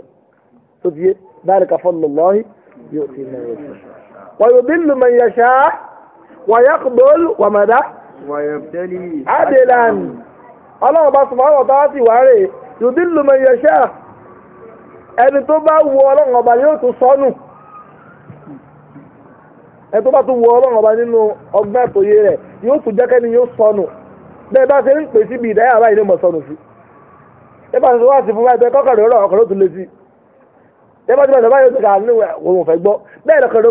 tó fi dáre ká fọ́dúró lọ́hìn yóò fi mọ̀ ọ́ wọ́n bí lùmọ̀ yẹn ṣá wọ́n yẹ bọ́ọ̀lù wọ́n mọ̀ dá. adélan ọlọ́run bá sùn fún àwọn ọ̀tá ẹni tó bá wu ọlọ́run ọba yóò tún sọnù ẹni tó bá tún wu ọlọ́run ọba nínú ọgbọ́n àtòyé rẹ̀ yóò tún jẹ́ kẹ́ni yóò sọnù bẹ́ẹ̀ bá ṣe ń pè síbi ìdáyà báyìí ló mọ̀ sọnù sí ẹ bá ṣe wá sí fún báyìí pé ọkọ̀ ló tún lé sí ẹ bá ṣe báyìí ó ti kà á òun ò fẹ́ gbọ́ bẹ́ẹ̀ á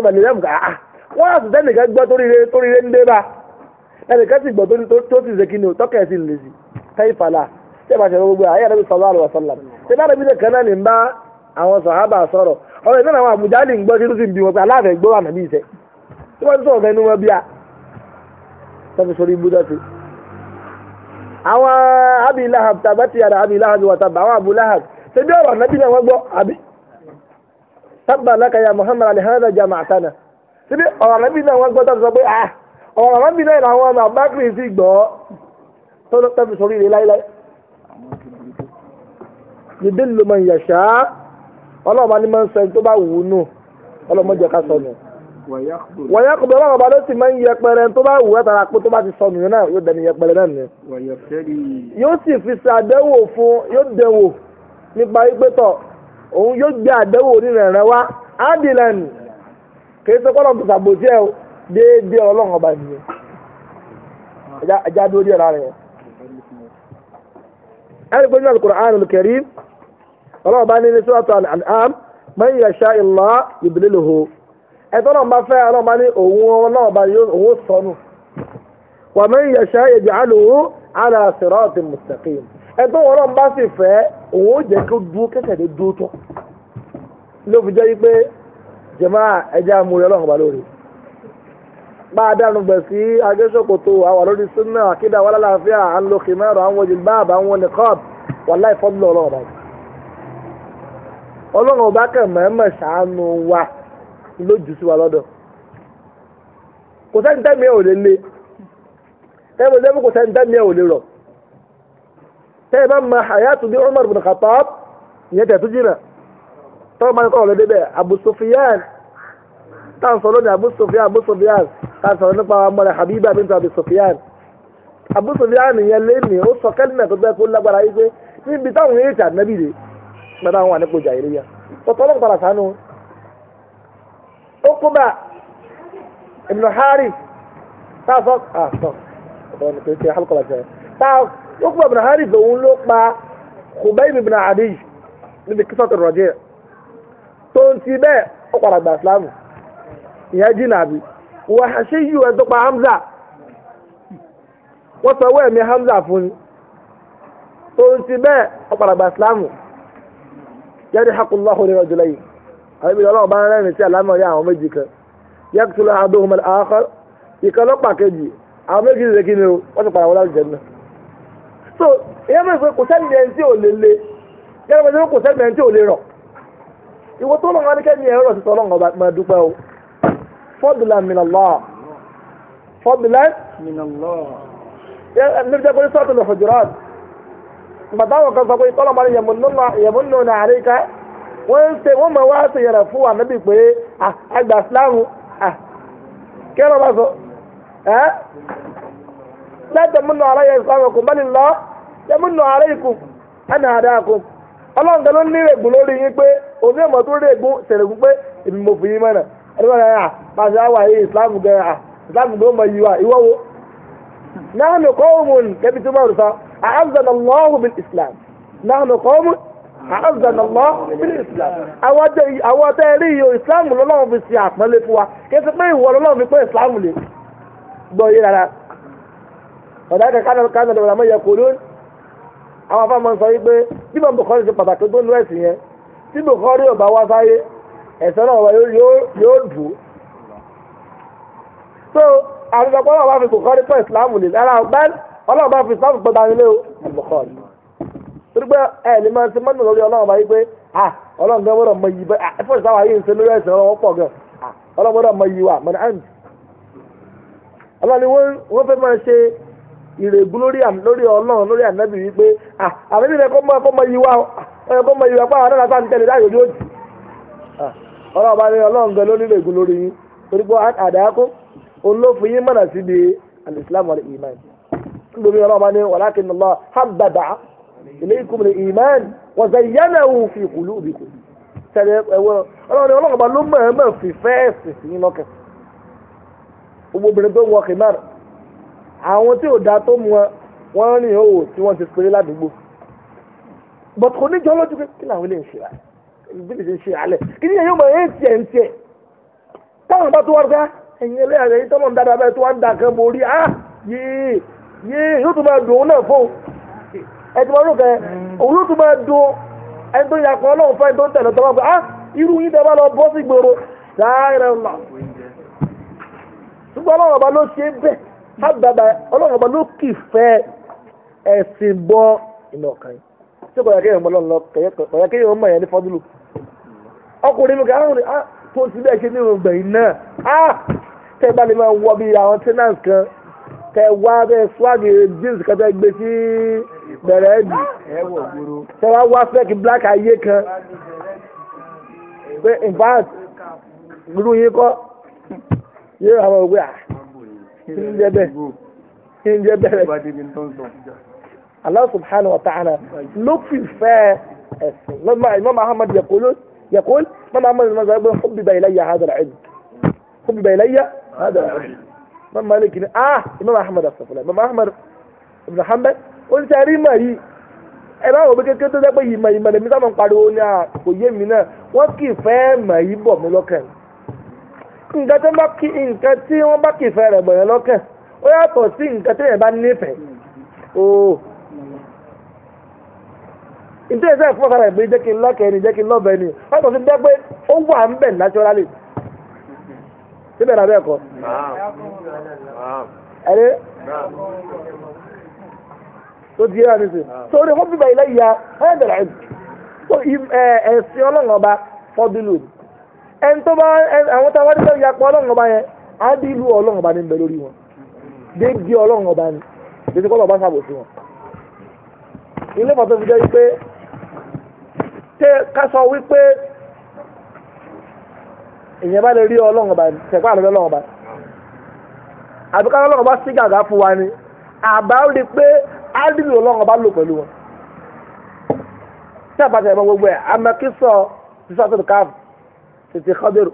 wọ́n á àwọn sàhábà sọ̀rọ̀ ọ̀rọ̀ ìtàn àwọn àbújá lè ń gbọ́ sí lóṣù bí wọn pé aláàfẹ́ gbọ́ wà nàbí ìṣẹ́ tí wọ́n sọ̀rọ̀ fẹ́nu wọn bíà tọ́fi sórí ibú dọ́tí. àwọn abi lahab tabati yàrá abi lahab wàtàbà àwọn abu lahab ṣe bí ọ̀rọ̀ nàbí náà wọ́n gbọ́ àbí. sábà lákàyà muhammad alihanda jama'atana ṣe bí ọ̀rọ̀ nàbí náà wọ́n gbọ́ tọ́fi sọ pé ah ọ̀rọ̀ nàbí náà làwọn ọmọ abákìrì sì gbọ́ tọ́fi sórí ilé láíláí. yìí dé lómọ ìyàṣá ọlọ́run bá ní máa ń sẹ́ni tó bá wù ú nù ọlọ́run mọ́jọ ká sọnù. wọ̀nyẹ́ kò bẹ̀rẹ̀ ọlọ́run bá ló ti máa ń yẹpẹrẹ tó bá wù ú ẹ̀tara pé tó bá ti sọnù yẹn náà yóò dẹni yẹpẹrẹ náà nìyẹn. yóò sì fi ṣe àdẹ́wò fún yóò dẹ̀wò nípa wípé tọ̀ òun yóò gbé àdẹ́wò onírẹ̀rẹ̀ wá adilan kì í ṣe kọ́lọ́n tó sàbòjì ẹ̀ déédéé ọlọ́run ọba nìyẹn ẹja dúró díẹ̀ láàrin ẹ̀ ẹ́ ọlọ́run bá ní ní sọ́tò àlám man yasha Allah yudlilhu ẹ̀tọ́ náà bá fẹ́ ọlọ́run bá ní òun ọlọ́run bá yóò òun sọnù wa man yasha yaj'alhu ala siratin mustaqim ẹ̀tọ́ ọlọ́run bá sì fẹ́ òun ó jẹ́ kó dúró kẹsẹ̀ lé dúró tọ́ ló fi jẹ́ wípé jẹ̀má ẹja amúre ọlọ́run bá lórí bá a dánu gbẹ̀ sí agẹ́sọ̀kòtò àwọn lórí súnmọ́ àkídà wàlálàáfíà àwọn àwọn jìlbáàbù àwọn nìkọ́ọ̀bù wàláì fọ́dúnlọ́ ọlọ́run báyìí ọlọ́run ọba kan mọ̀ọ́mọ̀ ṣàánú wa lójú sí wa lọ́dọ̀ kò sẹ́ni tẹ́mi ẹ̀ ò lè le tẹ́mi lẹ́mú kò sẹ́ni tẹ́mi ẹ̀ ò lè rọ̀ tẹ́mi bá ma hayatu bí Umar bin Khattab ìyẹn tẹ̀ tó jìnnà tọ́wọ́ máa ń kọ́ ọ̀rọ̀ débẹ̀ Abu Sufyan táwọn sọ̀rọ̀ ní Abu Sufyan Abu Sufyan táwọn sọ̀rọ̀ nípa ọmọ rẹ̀ Habiba bint Abu Sufyan Abu Sufyan yẹn lé ní ó sọ kẹ́lí náà tó bẹ́ẹ̀ kó lágbára yìí pé níbi táwọn èèyàn ti gbàdá àwọn àníkò jà ìlú yá tọ́tọ́ lọ́kùn padà sánú ó kú bá Ibn Harith táà sọ àtọ ọ̀dọ́ ní pèsè àlùkò làjẹ táà ó kú bá Ibn Harith òun ló pa Khubayb ibn Adi níbi kí sọ́tò rọ̀jẹ́ tó ń ti bẹ́ẹ̀ ó padà gbà Ìsìlámù ìyẹn jìnnà àbí wà á ṣe yíyú ẹ̀ tó pa Hamza wọ́n sọ wẹ́ẹ̀mí Hamza fún ni tó ń ti bẹ́ẹ̀ ó padà gbà Ìsìlámù. يضحك الله لرجلين هل بيقول الله بان رأينا سيا لما يا عم يجيك يقتل أحدهم الآخر يكلم باكجي عم يجي ذكينه وتبقى ولا الجنة so ìyá mi sọ kò sẹ́ni ẹni tí ò lè le yàrá mi sọ kò sẹ́ni ẹni tí ò lè rọ̀ ìwọ tó lọ́wọ́ adékẹ́ni ẹ̀rọ ti sọ lọ́wọ́ ọba máa dúpẹ́ o fọ́dùlà mìnàlá fọ́dùlà mìnàlá ẹ̀ ẹ̀ níbi jẹ́ pé sọ́ọ̀tù lọ́fọ̀jùrọ̀ àti madawa kan sọ pé ya máa ń yẹ̀múnú ní àríkà wọ́n ń ṣe wọ́n máa wá ṣe yẹ̀rọ fún wa níbi pé àgbà ah, síláàmù ah, kí ló sọ ẹ́ látẹ̀múnú aláyẹ̀ síláàmù kò bẹ́ẹ̀ lọ yẹ̀múnú aláìkùn ẹ̀nà ní règùn lórí yín pé òbí ọmọ tó règùn ṣèrègùn pé èmi mo fi yín ẹni àwọn àyè yìí náà òmùn tí rù أعزنا الله بالإسلام نحن قوم أعزنا الله بالإسلام àwọn tẹ́lẹ̀ yìí islam lọ́lọ́run fi ṣe àpọ́nlé fún wa kí ẹ ti pé ìwọ lọ́lọ́run fi pé islam lè gbọ́ yé rárá ọ̀dà kan kánà kánà lọ́wọ́ làmọ́ yẹ kóró àwọn afáàmọ́ sọ wípé bí bàbá Bukhari ṣe pàtàkì tó ń lọ ẹ̀sìn yẹn tí Bukhari ọba wá sáyé ẹ̀sán náà yóò dùn so àwọn ìgbàgbọ́ wà wá fi Bukhari pé islam lè rárá bẹ́ẹ̀ ọlọ́run bá fi sáfù gbọ́dọ̀ àrílé o Bukhari torí pé ẹ lè máa ṣe mọ́nà lórí ọlọ́run bá yí pé ah ọlọ́run gan wọ́n mọ yìí bẹ́ẹ̀ ẹ fọ́ọ̀ṣì táwọn ayé ń ṣe lórí ẹ̀sìn ọlọ́run pọ̀ gan ọlọ́run wọ́n mọ yìí wà mọ̀nà àǹtí ọlọ́run ni wọ́n fẹ́ máa ṣe ìrègùn lórí lórí ọlọ́run lórí ànábì yìí pé ah àbẹ́bí rẹ̀ kọ́ mọ ẹ̀kọ́ mọ yìí wá ẹ̀kọ́ mọ yìí wá pàrọ̀ náà sáà ń tẹ̀lé láyò lórí ọlọ́ọ̀bá ní walakin Allah habada ilaykum al-iman wa zayyanahu fi qulubikum tẹ̀lé ẹ̀wọ́ ọlọ́ọ̀ni ọlọ́ọ̀bá ló mọ̀ ẹ́ mọ̀ fi fẹ́ẹ̀sì sí yín lọ́kàn gbogbo obìnrin tó ń wọ kìmárì àwọn tí ò da tó mu wọn wọn rìn òwò tí wọn ti péré ládùúgbò but kò ní jọ lójú pé kí làwọn lè ṣe rà bí lè ṣe ṣe àlẹ kí ni yóò mọ èyí tiẹ̀ ń tiẹ̀ táwọn bá tó wá gbá ah, ẹ̀yin ẹlẹ́yà rẹ̀ yìí tọ́lọ̀ ń dáadáa bẹ́ẹ̀ tó wá ń da kan borí á ah, yìí yéé yóò tún máa dùn òun náà fóun ẹtì máa rò kẹ òun yóò tún máa dùn ẹni tó yàpọ̀ ọlọ́run fún ẹni tó ń tẹ̀lé tọ́wọ́ pé ah irú yín tẹ́ bá lọ bọ́ sí gbòòrò sáárẹ̀ ńlá ṣùgbọ́n ọlọ́run ọba ló ṣe bẹ́ẹ̀ ábàbà ọlọ́run ọba ló kì fẹ́ ẹ̀sìn bọ́ iná ọ̀kan yìí ṣé kọ̀yà kéèyàn mọ́ lọ́nà kọ̀yà kéèyàn mọ̀ yẹn ní fọ́dúlù ọkùnrin mi kà áhùn ah, ah, tó ti bẹ́ẹ̀ ṣe ní ìrògbẹ̀yìn náà ah tẹ́ bá lè máa wọ bí àwọn tenants kan kẹ wá bẹ fúlàgì jeans kan tẹ gbé sí bẹ̀rẹ̀ ẹ̀dì tẹ wá wá fẹ́ẹ̀kì black ayé kan pé in fact irú yín kọ́ yóò àwọn òwe à kí n jẹ bẹ́ẹ̀ kí n jẹ bẹ́ẹ̀ Allah subhanahu wa ta'ala ló fi fẹ́ ẹ̀sìn lọ́mọ Imam Ahmad yaqulu yaqulu Imam Ahmad yaqulu hubbiba ilayya hadha al-'ilm hubbiba ilayya hadha al-'ilm. imam malik ni ah imam ahmed asafula imam ahmed ibn hanbal ó ní sẹ́rí mọ̀ yìí ẹ bá wò pé kékeré tó dẹ́pẹ́ yìí mọ̀ yìí mọ̀ lèmi sábà ń pariwo kò yé mi náà wọ́n kì í fẹ́ bọ̀ mí lọ́kàn nǹkan tó bá kí nǹkan tí wọ́n bá kì í fẹ́ rẹ̀ bọ̀ yẹn lọ́kàn ó yàtọ̀ sí nǹkan tó yẹn bá síbẹ̀ rà bẹ́ẹ̀ kọ́. ẹ̀rẹ́ tó di yẹ́ra nísìnyí sórí wọ́n fi bàyìí lẹ́yìn ya ẹ̀ dẹ̀rẹ̀ ẹ̀sìn ọlọ́run ọba fọ́dúlù ẹni tó bá àwọn tó bá dé lọ́yìn apọ̀ ọlọ́run ọba yẹn á bí ìlú ọlọ́run ọba ní bẹ lórí wọn déédéé ọlọ́run ọba ni déédéé kọ́ lọ́ba sábò sí wọn. ilé ìfọ̀tò fi jẹ́ wípé ká sọ wípé èèyàn bá lè rí ọlọ́run ọba tẹ̀pá àlọ́ ọlọ́run ọba àbíká ọlọ́run ọba sí gàgà fún wa ni àbá rí i pé ádìrì ọlọ́run ọba lò pẹ̀lú wọn tí àbájá ìbọn gbogbo ẹ̀ amẹ́kísọ̀ sísọ́tò káàf tètè kọ́dẹ̀rù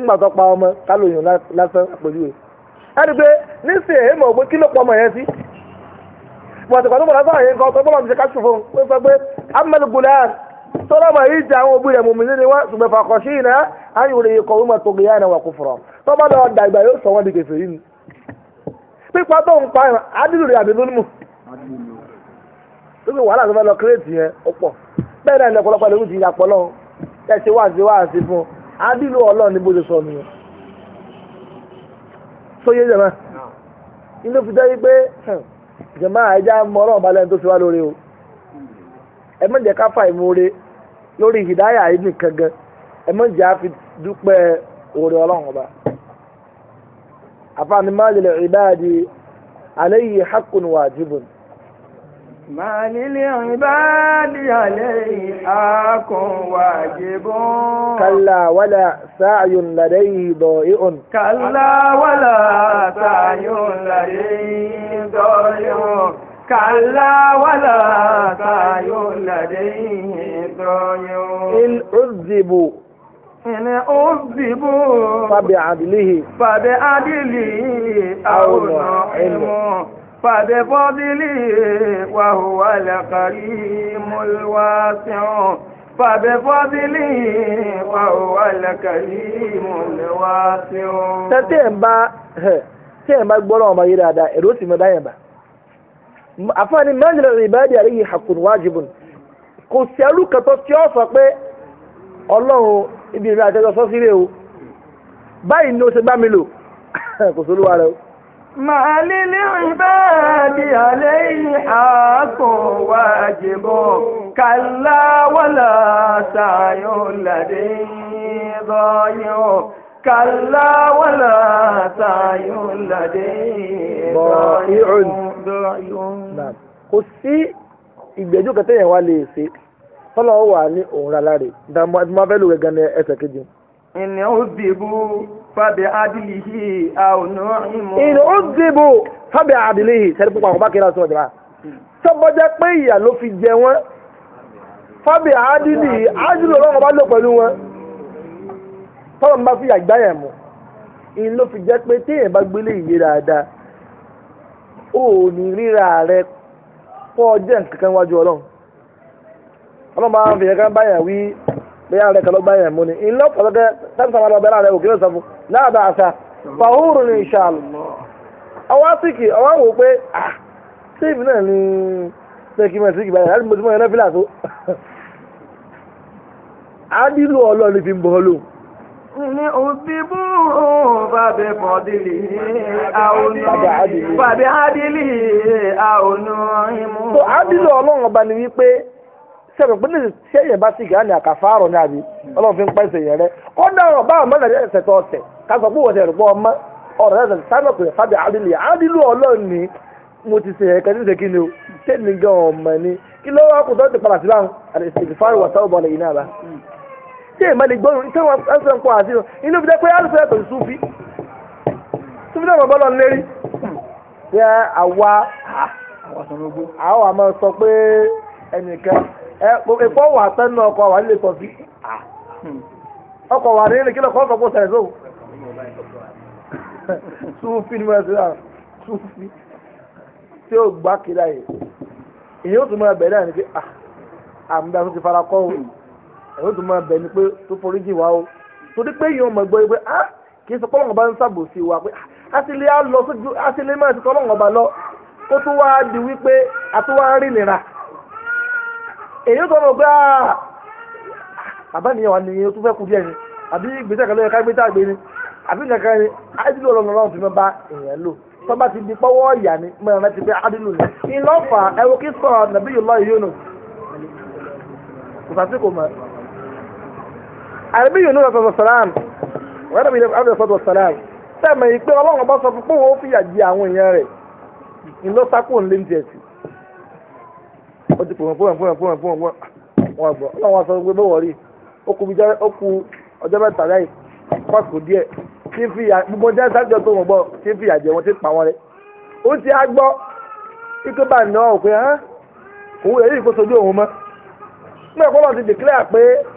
ńgbà tó pa ọmọ kálóyún lásán àpèjúwe ẹni pé nísìnyí èyí mọ̀ pé kí ló pọ̀ ọmọ yẹn sí pọ̀tùpọ̀tù pọ̀tùpọ̀tù yẹn kan tó bọ́lá ti ṣe ká ṣùfọ̀ pé pé amẹ́lùgùn náà tọ́lọ́mọ yìí jẹ́ àwọn òbí rẹ̀ mùmínì ni wọ́n ṣùgbọ́n fàkọ̀ṣí iná ayé òde yìí kọ̀ wọ́n máa tóbi yára wà kó fọ̀rọ̀ tọ́ba lọ dàgbà yóò sọ wọ́n di kẹfẹ́ yìí ni. pípa tó ń pa ẹ̀rọ adìlú rẹ̀ àbí lónìí mù. lókè wàhálà tó fẹ́ lọ kírètì yẹn ó pọ̀ bẹ́ẹ̀ náà lọ́pọ̀lọpọ̀ lóhùn ti yà pọ̀ lọ́hùn tẹ̀sí wá sí ẹ má jẹ́ ká fà ìmoore lórí hidaya yìí nìkan gan ẹ má jẹ́ àfi dúpẹ́ oore ọlọ́run ọba àfààní má lè ibadi alayhi haqqun wajibun. ما للعباد عليه حق واجب كلا ولا سعي لديه ضائع كلا ولا سعي لديه ضائع كلا ولا كاي لديه ضريع إن عذبوا إن عذبوا فبعدله فبعدله أو نعمه فبفضله وهو الكريم الواسع فبفضله وهو الكريم الواسع. tẹ́tẹ́ ń bá tẹ́ ẹ̀ ń bá gbọ́rọ̀ ọmọ yìí dáadáa èrò sì mọ̀ dáyẹ̀ bá àfáàní mẹ́jìlá ìbáàdì àríyí hakùn wájibùn kò sí ẹrú kẹtọ tí ó sọ pé ọlọ́run ibi ìrìn àtẹ́jọ́ sọ sílé o báyìí ni ó ṣe bá mi lò kò sí olúwa rẹ o. màá lílé ìbáàdì àríyí hakùn wájibùn kàlá wàlà sàyọ̀ làdé bọ́yọ̀. كلا ولا سعي لديه ضائع kò sí ìgbẹ́jọ́ kẹtẹ́ yẹn wá lè ṣe tọ́lọ́ wà ní òun rárá rẹ̀ dàmú adúmọ́fẹ́lù rẹ̀ gan ni ẹsẹ̀ kejì. ìní ó dìbò fábẹ́ adìlìhì àwòrán ìmọ̀. ìní ó dìbò fábẹ́ adìlìhì sẹ́ni púpọ̀ àwọn bá kí n náà sọ̀rọ̀ jẹ́ wa. sọ́bọ́jà pé ìyà ló fi jẹ wọ́n fábẹ́ adìlìhì ájúlò ọlọ́run bá lò pẹ̀lú wọn. tọ́lọ́ bá fi àgbáyà mọ̀ ìní ló fi jẹ́ pé téèyàn bá gbélé ìyè dáadáa ó ní ríra rẹ pọ̀ jẹ́ nǹkankan wájú ọlọ́run ọlọ́run máa ń fi ẹ̀ka báyà wí bẹ́ẹ̀ rẹ kàlọ́ báyà mú ni ìlú ọ̀pọ̀lọpọ̀ tẹ́sán máa lọ bẹ́ẹ̀ rẹ òkè lọ́sàn fún láàbà àṣà fàhùrù ní ìṣàlù ọwọ́ síkì ọwọ́ wò pé ah tíìmù náà ní pẹ́kí mẹ́rin síkì báyà láti mọ̀ sí mọ́ yẹn náà fílà tó á nílò ọlọ́run fi ń bọ́ ọ لأصبوا ozi So àdìlú ọlọ́run ọba ni wípé sẹ́yìn pé sẹ́yìn bá sì gánà àkàfàárọ̀ ní àbí ọlọ́run fi ń pẹ́ sẹ́yìn rẹ kọ́ńdà ọ̀rọ̀ báwọn ọmọ náà ẹsẹ̀ tó ọ̀tẹ̀ ká sọ ọmọ ọ̀rọ̀ fábí ọlọ́run ni mo ti kí ni o ni kí ló wá kó tó ti padà sí báwọn tí èèmọ lè gbọ́rùn tí wọ́n ẹsẹ̀ ń kọ́ àti lọ inú fi jẹ́ pé alùpùpù ẹ̀tọ́ ìsúfì súfì náà wọ́n bọ́ lọ lérí. ṣé àwa àwa máa sọ pé ẹnìkan ẹ̀pọ̀ wà tẹ́nu ọkọ̀ wà nílé sọ sí ọkọ̀ wà nílé kí lọ́kọ̀ ọkọ̀ sẹ̀rẹ̀ sóò súfì ni wọ́n ti rà súfì tí ó gbá kiri àyè èyí ó tún mọ ẹgbẹ̀rẹ̀ àyè ni pé ah, àmì dáa tó ti fara kọ́ ẹ̀rọ tó máa bẹ̀ ni pé tó foríjì wá o torí pé yìí mọ̀ gbọ́ pé ah kì í sọ pé ọlọ́run bá ń ṣàbòsí wa pé àtìlẹ́ ah, á lọ sójú àtìlẹ́ máa ti sọ ọlọ́run ọba lọ kó tó wá di wípé àtúwá ń rìn nira èyí tó mọ̀ pé ah àbániyàn wà nìyẹn tó fẹ́ kú díẹ̀ ni àbí gbèsè kan lóye ká gbé tàgbé ni àbí kankan ni àdìlú ọlọ́run ọlọ́run fi máa bá èèyàn lò tó ti di pọ́wọ́ ọ̀yà ni mo ti pé àdìlú ni ìlọ́fà àrẹ́bíyàn ní ọ̀sán sàlám wẹ́rẹ́ mi ní ọ̀sán sàlám sẹ́mi ìpè ọlọ́run bá sọ pé wọ́n fìyà jẹ àwọn èèyàn rẹ̀ ìlú sákò ń lé ní tiẹ̀ sí. ó ti pòwọ́n pòwọ́n pòwọ́n pòwọ́n pòwọ́n wọn gbọ́ ọlọ́run wa sọ pé bọ́wọ̀ rí ó ku ọjọ́ mẹ́ta láì pàṣẹ tí gbogbo jẹ́ sájọ tó wọ́n gbọ́ tí ń fìyà wọn pa wọn rẹ̀. ó ti á gbọ́ ikú bá ní ọ hàn òun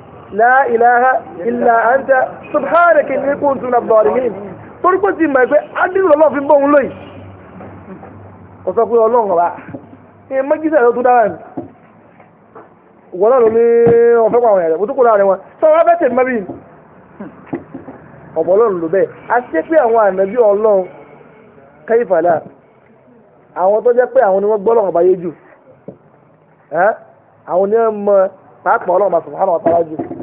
لا إله إلا أنت سبحانك inni kuntu minadh dhalimin torí pé ti mọ̀ pé adínú lọ́lọ́ fi ń bọ̀ òun lóyè kò sọ pé ọlọ́run ọba ìyẹn mọ́gísẹ̀ ló tún dára ni wọ́n náà ló ní ọ̀fẹ́ pa àwọn ẹ̀rẹ̀ mo tún kó láàrin wọn sọ wọn fẹ́ tèmi mẹ́bí ọ̀pọ̀ ọlọ́run ló bẹ́ẹ̀ àti pé àwọn ànábì ọlọ́run kẹ́yìn fàlà àwọn tó jẹ́ pé àwọn ni wọ́n gbọ́ lọ́rùn báyé jù àwọn ni wọ́n mọ pàápàá ọlọ́run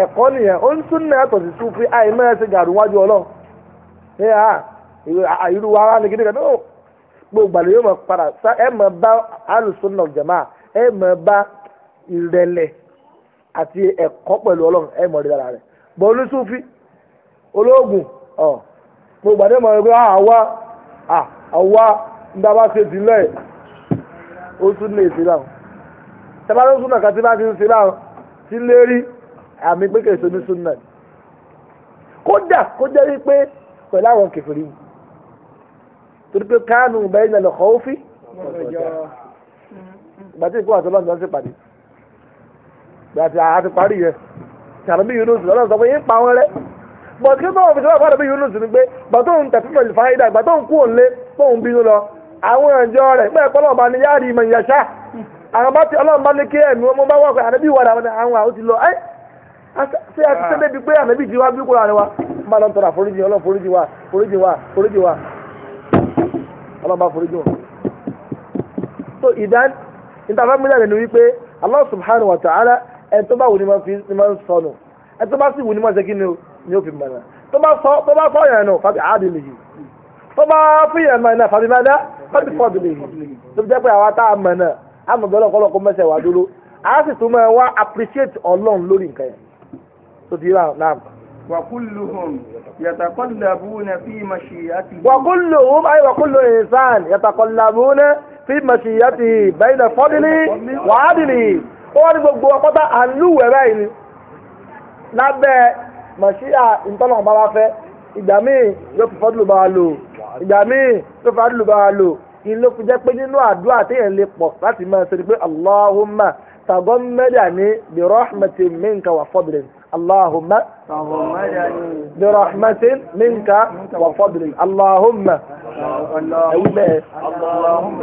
ẹ̀kọ́ nìyẹn ó ń tún náà yàtọ̀ sí sufi àì mẹ́rẹ̀ sí gàdùn wájú ọlọ́run ṣé à irú ara ni kan ó gbogbo àlè yóò mọ̀ padà ẹ mọ̀ bá ẹ mọ̀ bá ìrẹ̀lẹ̀ àti ẹ̀kọ́ pẹ̀lú ọlọ́run ẹ mọ̀ rí rẹ̀ bọ̀ ní ọ̀ gbogbo àdé mọ̀ àwa àwa ṣe dìlẹ̀ ó tún ṣe tẹ́lá ló bá ti ń àmì pé kèso ní sunna kódà kó jẹ́ wípé pẹ̀lú àwọn kèfèrí torí pé káànù bẹ́ẹ̀ ní ọkọ̀ òfin ìgbà tí ìkó àtọ́lọ́ nǹkan ṣe pàdé ìgbà tí a parí yẹn tàbí Yunus lọ́nà sọ pé yín pa wọn rẹ́ bọ̀dé kí bọ́ọ̀ fi sọ́wọ́ fún àdàbí Yunus ni pé gbàtó ń tẹ̀sí pẹ̀lú fáyidà gbàtó ń kú òǹlé tó ń bínú lọ àwọn ìjọ rẹ̀ pé ẹ̀kọ́ náà bá ní yáàrí ìmọ̀ ìyàṣá àwọn bá ti Ọlọ́run bá ní kí ẹ̀mí wọn bá wọ̀ pé àdàbí ìwà ṣé ẹ ti ah. ṣe débi pé ànábì ti wá bí kúrò àríwá ń bá lọ́n tọ́ra foríjì ọlọ́run foríjì wa foríjì wa foríjì wa ọlọ́run bá foríjì wọn. so ìdán ìtafẹ́mílẹ̀ rẹ̀ ni wípé Allah subhanahu wa ta'ala ẹni tó bá wù ni máa ń sọnù ẹni tó bá sì wù ni máa ń ṣe kí ni ó fi mọ̀nà tó bá sọ yẹn nù fàbí àádé lè yìí tó bá fi yẹn mọ̀ náà fàbí máa dá fàbí fọ́ọ̀dù lè yìí tó jẹ́ pé àwa tá a mọ̀ náà àmọ̀ bẹ́ẹ̀ lọ́kọ́lọ́kọ́ mẹ́sẹ̀ wá dúró àá sì tún máa wá appreciate ọlọ́run lórí nǹkan yẹn tó ti rà náà. وكلهم يتقلبون في مشيئته وكلهم أي وكل إنسان يتقلبون في مشيئته بين فضله وعدله ó ní gbogbo ọpọ́tà àlúwẹ̀ báyìí ni lábẹ́ mọ̀ṣíà ìtọ́nà bá wa fẹ́ ìgbà míì yóò fi fọ́dúlù bá wa lò ìgbà míì yóò fi fọ́dúlù bá wa lò kí ló fi jẹ́ pé nínú àdúrà téèyàn lè pọ̀ láti máa ṣe ni pé Allahumma tagommedani bi rahmatin minka wa fadlin. اللهم برحمة منك وفضل اللهم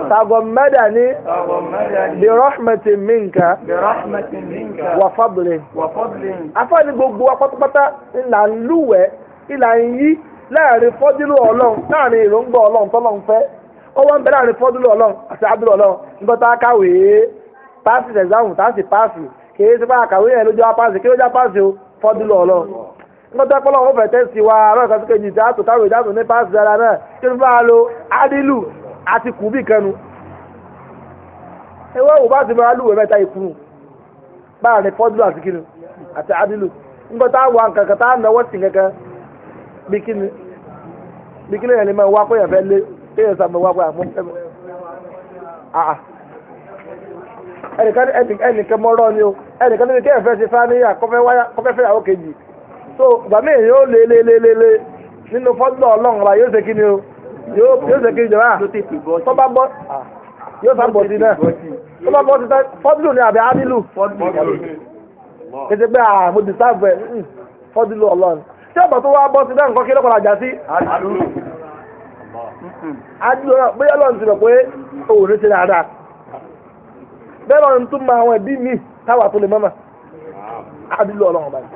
تغمدني برحمة منك وفضل afáàní gbogbo apátápátá ńlá ń lúwẹ̀ ìlà ń yí láàrin fọ́dúlù ọlọ́run láàrin ìròǹgbà ọlọ́run tọ́lọ́run fẹ́ ó wọ́n ń bẹ láàrin fọ́dúlù ọlọ́run àti abdul ọlọ́run nígbà tá a kàwé páàsì ẹ̀sáàmù tá a sì páàsì kìí sí fáwọn àkàwé yẹn lójú apáàsì kí lójú apáàsì o fọdúlọ ọlọ nígbàtà pọlọ wọn fẹtẹ sí wa àwọn ìkàtí kejì tí a tó táwọn ìdáàbò ní páàsì dára náà kí ló bá lo adilu àti ewé òwò bá ti máa lúwẹ̀ mẹ́ta àti àti àwọn tá à ń náwó sí kankan bí yẹn ni wá fẹ́ lé ẹnìkan ẹnìkan ni o. ẹnìkan níbi kí ẹ̀fẹ́ ṣe fáníyà kọ́fẹ́ fẹ́yàwó kejì so gbàmí yóò lé lé lé lé lé nínú fọ́dọ̀ ọlọ́run ra yóò ṣe kí ni o yóò ṣe kí ni jọba tó bá bọ́ yóò sá bọ̀ sí náà tó bá bọ́ sí náà fọ́dúlù ni àbí ádìlù kété pé àà mo ti sáàbù ẹ̀ hmm, fọ́dúlù ọlọ́run tí ọ̀bọ̀ tó wá bọ́ sí náà nǹkan kí lọ́kọ̀ọ́ àjà sí. ádìlù hmm, náà bóyá ọlọ́run ti rọ̀ pé òun ní ṣe dáadáa bẹ́ẹ̀ lọ́run tún mọ àwọn ẹbí mi táwa tó lè mọ́mà àdúlù ọlọ́run báyìí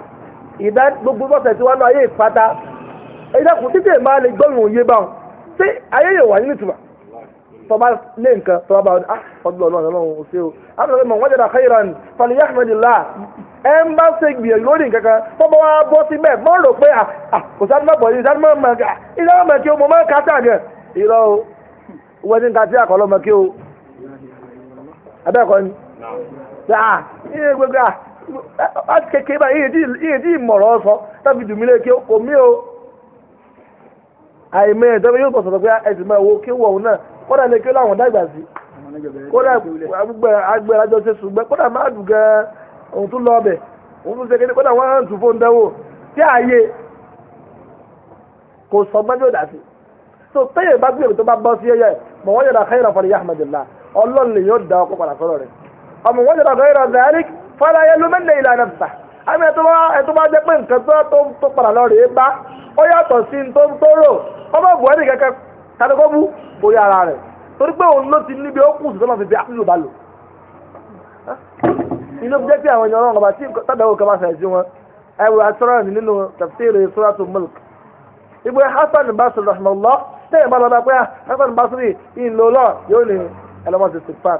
ìdá gbogbo bọ́sẹ̀ tí wọ́n náà ayé ìpátá ìdákùn títí ẹ̀ máa lè gbọ́rùn òye báwọn ṣé ayé yóò wà nínú ìtumà tọba lé nǹkan tọba bá wọn ah ọdún ọlọ́run ọlọ́run ò ṣe o àbúrò mọ̀ wọ́n jẹ́ra khairan fani yahmadillah ẹ ń bá ṣe gbìyànjú lórí nǹkan kan tọ́ba wa bọ́ síbẹ̀ mọ́ rò pé ah, ah kò sáré má bọ̀ yìí sáré má mọ̀ ìdá mọ̀ kí o mọ̀ máa kásá gẹ̀ ìrọ̀ o wọ́n ti ń ka sí àkọlọ́ mọ̀ kí o abẹ́ẹ̀kọ́ ni dáa ah, iye gbogbo à ah, láti kékeré báyìí iye tí ìmọ̀ràn sọ tábí dùn mí lé kí kò mí o àìmọ ẹ̀ tọ́bi yóò bọ̀ sọ̀tọ̀ pé ah, ẹ̀sìn máa wo kí wọ̀hún náà kódà lè kí ó láwọn dàgbà sí kódà agbẹ́ alájọ ṣe ṣùgbọ́n kódà má dùn gan-an òun tún lọ ọbẹ̀ òun tún ṣe kéde kódà wọ́n á ń tún fóun dánwò tí ààyè kò sọ gbájú ọ̀dà sí so téèyàn bá gbé èmi tó bá bọ́ sí ẹyẹ mọ̀ wọ́n yọ̀dà káyọ̀dà fọ́lẹ̀ yahmadullah ọmọ wọn jẹ́ ọ̀gá ìrọ̀ zarik fọlá yẹn ló mẹ́lẹ̀ ìlànà fà àmì ẹ̀tọ́ bá jẹ́ pé nǹkan tó tó padà lọ rèé bá ó yàtọ̀ sí ní tó rò ọmọ buhari kẹ̀kẹ́ kàdókò bú borí ara rẹ̀ torí pé òun ló ti níbi ó kù sọ́nà fífi àtúntò bá lò inú jẹ́ kí àwọn ènìyàn ọba tí tàbẹ̀wò kan bá fẹ̀ sí wọn ẹ̀rù àtúrọ̀ nínú tafsir suratu mulk ìgbé hasan basri rahmanullah tẹ́yìn bá lọ́dọ̀ pé hasan basri ìlú lọ yóò ní ẹlọ́mọ́sí sèpàr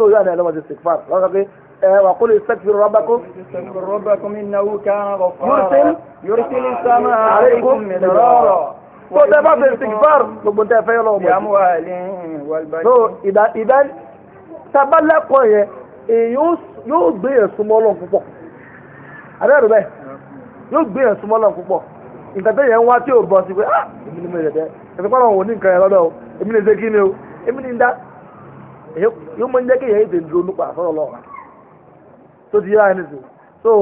tó yóò àná ẹlọ́mọdé sèkfà wọ́n sọ pé وقل استغفروا ربكم استغفروا ربكم انه كان غفارا يرسل السماء عليكم مدرارا وده بعض الاستغفار gbogbo tẹ fẹ yọlọ ọmọ so ìdá ìdá tabalẹkọ yẹn èyàn yóò gbé yẹn súnmọ́ Ọlọ́run púpọ̀ abẹ́rẹ́ bẹ́ẹ̀ yóò gbé yẹn súnmọ́ Ọlọ́run púpọ̀ nǹkan tẹ yẹn ń wá tí yóò bọ́ sí pé ah èmi ni mo yẹ dẹ ẹ̀fẹ̀ pàrọ̀ wò ní nǹkan yẹn lọ́dọ̀ o èmi ni ṣe kí ni o èmi ni ń dá yóò mọ jẹ́ kéèyàn èdè dúró nípa àsọ̀rọ̀ lọ́wọ́ tó ti yára ẹni sùn so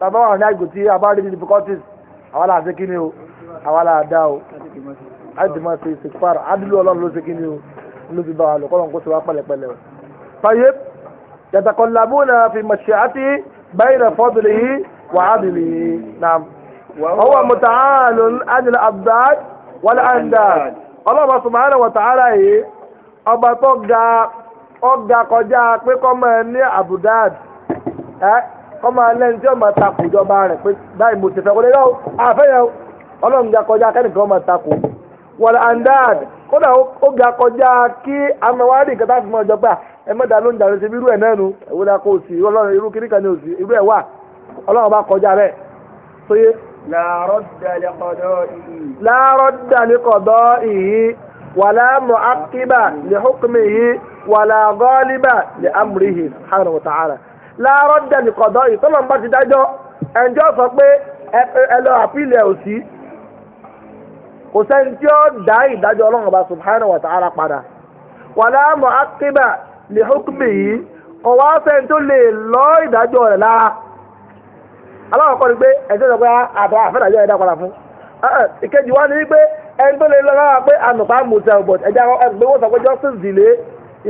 bàbá wa ní àgbò tí a bá rí ní difficulties àwa là ṣe kíni o àwa là dá o àti máa ṣe ìsèkúfàrà àdúlù ọlọ́run ló ṣe kíni o ló fi bá wa lọ kọ́lọ́n kó ṣe wá pẹ̀lẹ́pẹ̀lẹ́ o. fàyè yatakallabuna fi mashi'ati bayna fadlihi wa adlihi naam huwa muta'alun adil abdad wal andad Allah subhanahu wa ta'ala yìí. ọba tó ga ọga kọjá pé kọ́ máa ní abudad ẹ kọ́ máa lẹ́ni tí ó máa takò ìjọba rẹ̀ pé báyìí mo ti fẹ́ kọ́lé yóò àfẹ́yẹ̀ ọlọ́run ga kọjá kẹ́nìkan máa takò andad kódà ó ga kọjá kí a fi mọ́ ọjọ́ gbà ẹ mẹ́ta ló nu ọlọ́run irú ni irú ẹ̀ wà ọlọ́run bá kọjá ولا معقب لحكمه ولا غالب لأمره سبحانه وتعالى لا رد لقضاء طبعا bá ti dájọ́ ẹnjọ́ sọ pé ẹ lọ àpìlẹ̀ òsì kò sẹ́ni tí ó dá ìdájọ́ ọlọ́run ọba subhanahu wa ta'ala padà wala mu'aqqiba li hukmihi kò wá sẹ́ni tó lè lọ ìdájọ́ rẹ̀ lára aláwọ̀ kọ́ ni pé ẹ̀jẹ̀ sọ pé ah, àtọ̀ àfẹ́dàjọ́ ẹ̀dá padà fún Ah, ìkejì wa ni wípé ẹni tó lè lọ rárá pé ànùpá mùtẹ̀ but ẹ̀jẹ̀ àwọn ẹgbẹ́ wọ́n sọ pé justice delay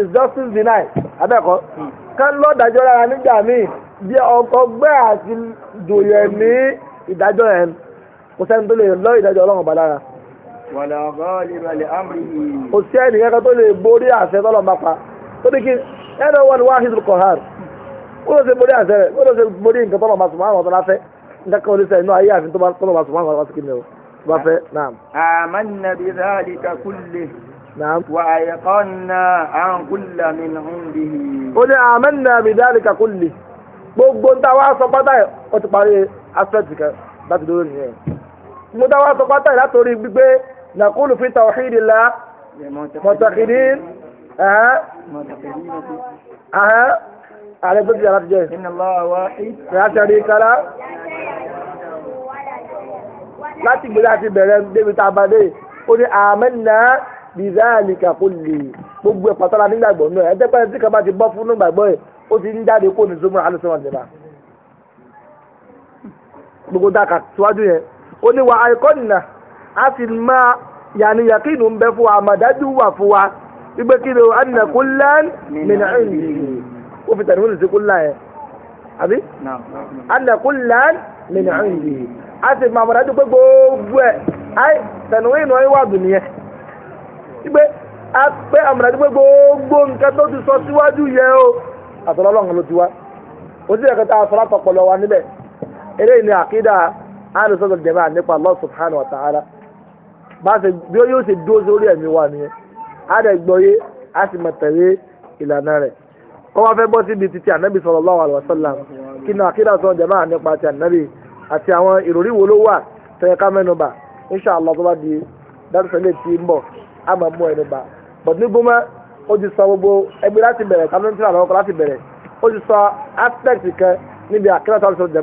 is justice denied abẹ́ẹ̀kọ́ hmm. kán lọ́ dájọ́ rárá nígbà míì bí ọgbẹ́ àti dòyẹ̀ ní ìdájọ́ yẹn kò sẹ́ni tó lè lọ ìdájọ́ ọlọ́run bá lára. kò sí ẹnì kankan tó lè borí àṣẹ tọ́lọ̀ pa ní kí ẹnì wọn wá ló ṣe borí بفي نعم آمنا بذلك كله نعم وأيقنا عن كل من عنده قل آمنا بذلك كله gbogbo ń táwa sọ pátá ẹ ó ti parí aspect kan láti dúró nìyẹn mo táwa sọ pátá ẹ látòrí gbígbé nàkúlù fi tàwọ́hídì eh, eh, la mọ̀tàkìdì ààrẹ gbèsè àlàtijọ́ yìí. ìnáwó àwọn ìtàkìdì kala láti gbé láti bẹ̀rẹ̀ débi tá a bá dé ó ní àmẹ́nà bizalika kulli gbogbo ẹ̀ pátá la nígbàgbọ́ náà ẹ̀jẹ̀ pẹ́ẹ́rẹ́ tí kaba ti bọ́ fún nígbàgbọ́ ẹ̀ ó ti ń jáde kó ní zomo alẹ́sọ̀ wọn jẹba gbogbo daka síwájú yẹn ó ní wa àìkọ́nìyà á sì máa yàní yàkínú ń bẹ fún wa àmàdájú wà fún wa wípé kí ni o anna kullan min indi ó fi tẹ̀lé wọn lè ṣe kúlán yẹn àbí anna kullan min indi. a ma máa mọ̀nà dúpẹ́ gbogbo ẹ̀ ayé tẹ̀nuwé ìnáwó yín wà dùn nìyẹn wípé a pé àmọ̀nà dúpẹ́ gbogbo nǹkan tó ti sọ siwaju o àtọ̀rọ̀ ọlọ́run ló ti wá o sì yẹ kẹta àtọ̀rọ̀ àtọ̀pọ̀lọ wa níbẹ̀ ni àkídà subhanahu wa ta'ala a ṣe bí ó yóò ṣe dúró sórí ẹ̀mí a a àti àwọn ìròrí wo ló wà tó yẹ ká mẹ́nubà inṣàlá tó bá di dárúfẹ́lẹ̀ tí ti bọ̀ á máa mú ẹnubà bọ̀dé ní gbọ́mọ́ ó ti sọ gbogbo ẹgbẹ́ láti bẹ̀rẹ̀ kámi tí àwọn ọkọ̀ láti bẹ̀rẹ̀ ó ti sọ aspect kan níbi àkẹ́rẹ́ tó ń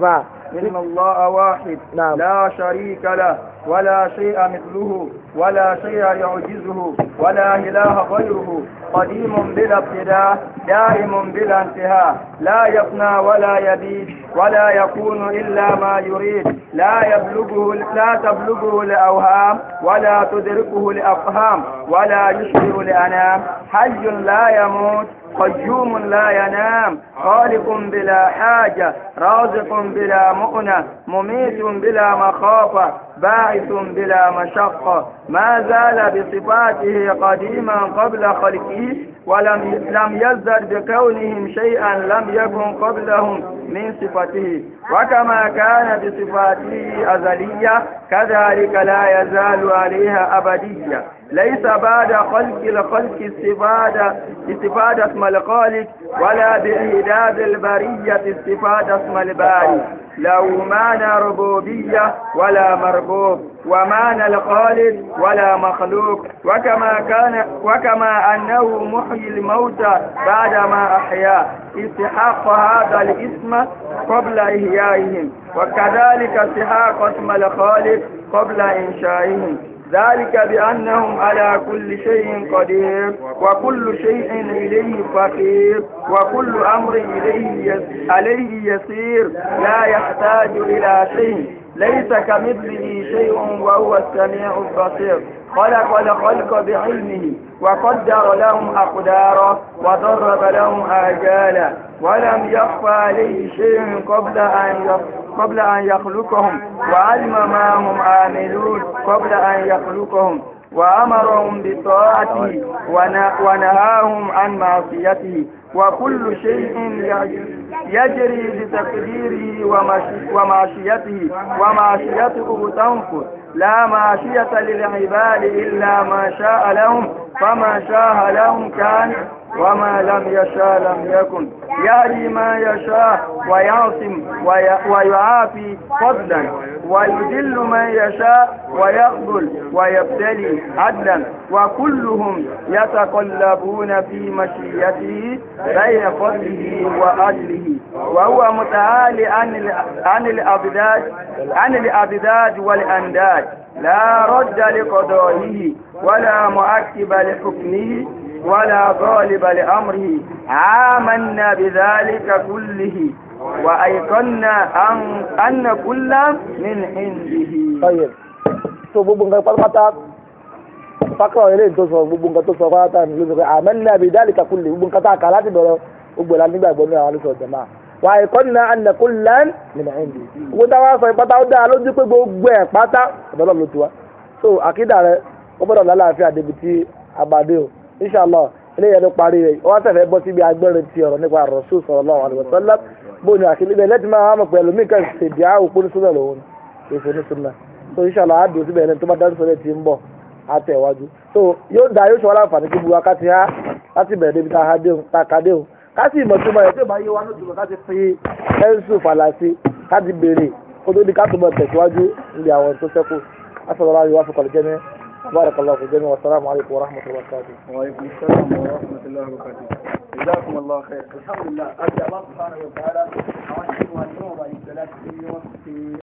inna Allah wahid la ولا شيء مثله ولا شيء يعجزه ولا إله غيره قديم بلا ابتداء دائم بلا انتهاء لا يفنى ولا يبيد ولا يكون إلا ما يريد لا يبلغه لا تبلغه الأوهام ولا تدركه الأفهام ولا يشبه الأنام حي لا يموت قيوم لا ينام خالق بلا حاجة رازق بلا مؤنة مميت بلا مخافة باعث بلا مشقة ما زال بصفاته قديما قبل خلقه ولم لم يزد بكونهم شيئا لم يكن قبلهم من صفته وكما كان بصفاته أزلية كذلك لا يزال عليها أبدية ليس بعد خلق الخلق استفادة استفادة اسم الخالق ولا بإعداد البرية استفادة اسم الباري له معنى ربوبية ولا مربوب ومعنى الخالد ولا مخلوق وكما كان وكما أنه محيي الموتى بعدما أحيا استحق هذا الاسم قبل إحيائهم وكذلك استحق اسم الخالق قبل إنشائهم ذلك بأنهم على كل شيء قدير وكل شيء إليه فقير وكل أمر إليه عليه يسير لا يحتاج إلى شيء ليس كمثله شيء وهو السميع البصير خلق الخلق بعلمه وقدر لهم أقداره وضرب لهم آجالا ولم يخف عليه شيء قبل أن قبل أن يخلقهم وعلم ما هم عاملون قبل أن يخلقهم وأمرهم بطاعته ونهاهم عن معصيته وكل شيء يجري بتقديره ومعصيته ومعصيته تنفذ لا معصية للعباد إلا ما شاء لهم فما شاء لهم كان وما لم يشاء لم يكن يهدي ما يشاء ويعصم ويعافي فضلا ويذل من يشاء ويخذل ويبتلي عدلا وكلهم يتقلبون في مشيته بين فضله وأجله وهو متعالي عن الأبداد عن الأبداد والأنداد لا رد لقضائه ولا مؤكد لحكمه ولا غالب لأمره آمنا بذلك كله وأيقنا أن أن كل من عنده طيب so gbogbo nǹkan pátápátá tó sọ gbogbo nǹkan tó sọ pátá ní ló pé àmẹ́nà bíi dáàlì kakúlì gbogbo nǹkan tá a kà láti bẹ̀rẹ̀ gbogbo ìlànà nígbàgbọ́ ní àwọn àlùsọ̀ jẹ̀má wà ẹ̀kọ́ nínú ànàkó lẹ́n nínú ẹ̀ǹdì gbogbo táwa sọ pátá ó dáa lójú pé gbogbo ẹ̀ pátá ọ̀dọ́lọ́ ló tiwa so àkídà rẹ ó gbọ́dọ̀ lálàáfíà débi tí abadé o inshallah eléyìí ẹni parí rẹ̀ wọ́n tẹ̀fẹ́ bọ́ síbi agbẹ́rẹ́ ti ọ̀rọ̀ nípa Rasul sallallahu alaihi wasallam bó ni àkíní bẹ́ẹ̀ lẹ́tí máa mọ̀ pẹ̀lú mí kan ṣèdí àwọn òpó nísúnà lòun èso nísúnà so inshallah á dùn síbẹ̀ ẹni tó bá dáná sọ́lẹ̀ ti ń bọ̀ á tẹ̀ wájú so yóò da yóò ṣọwọ́ láǹfààní kí buwa káti há láti bẹ̀rẹ̀ débi tá a ká déhùn kásì ìmọ̀ tó máa yẹ tí ò bá yé wa ní òjò láti fi pẹ́ńsù fàlàsì láti béèrè بارك الله في الجميع والسلام عليكم ورحمة الله وبركاته وعليكم السلام ورحمة الله وبركاته جزاكم الله خير الحمد لله أرجع الله سبحانه وتعالى أوشكر أن يوم عليه الصلاة في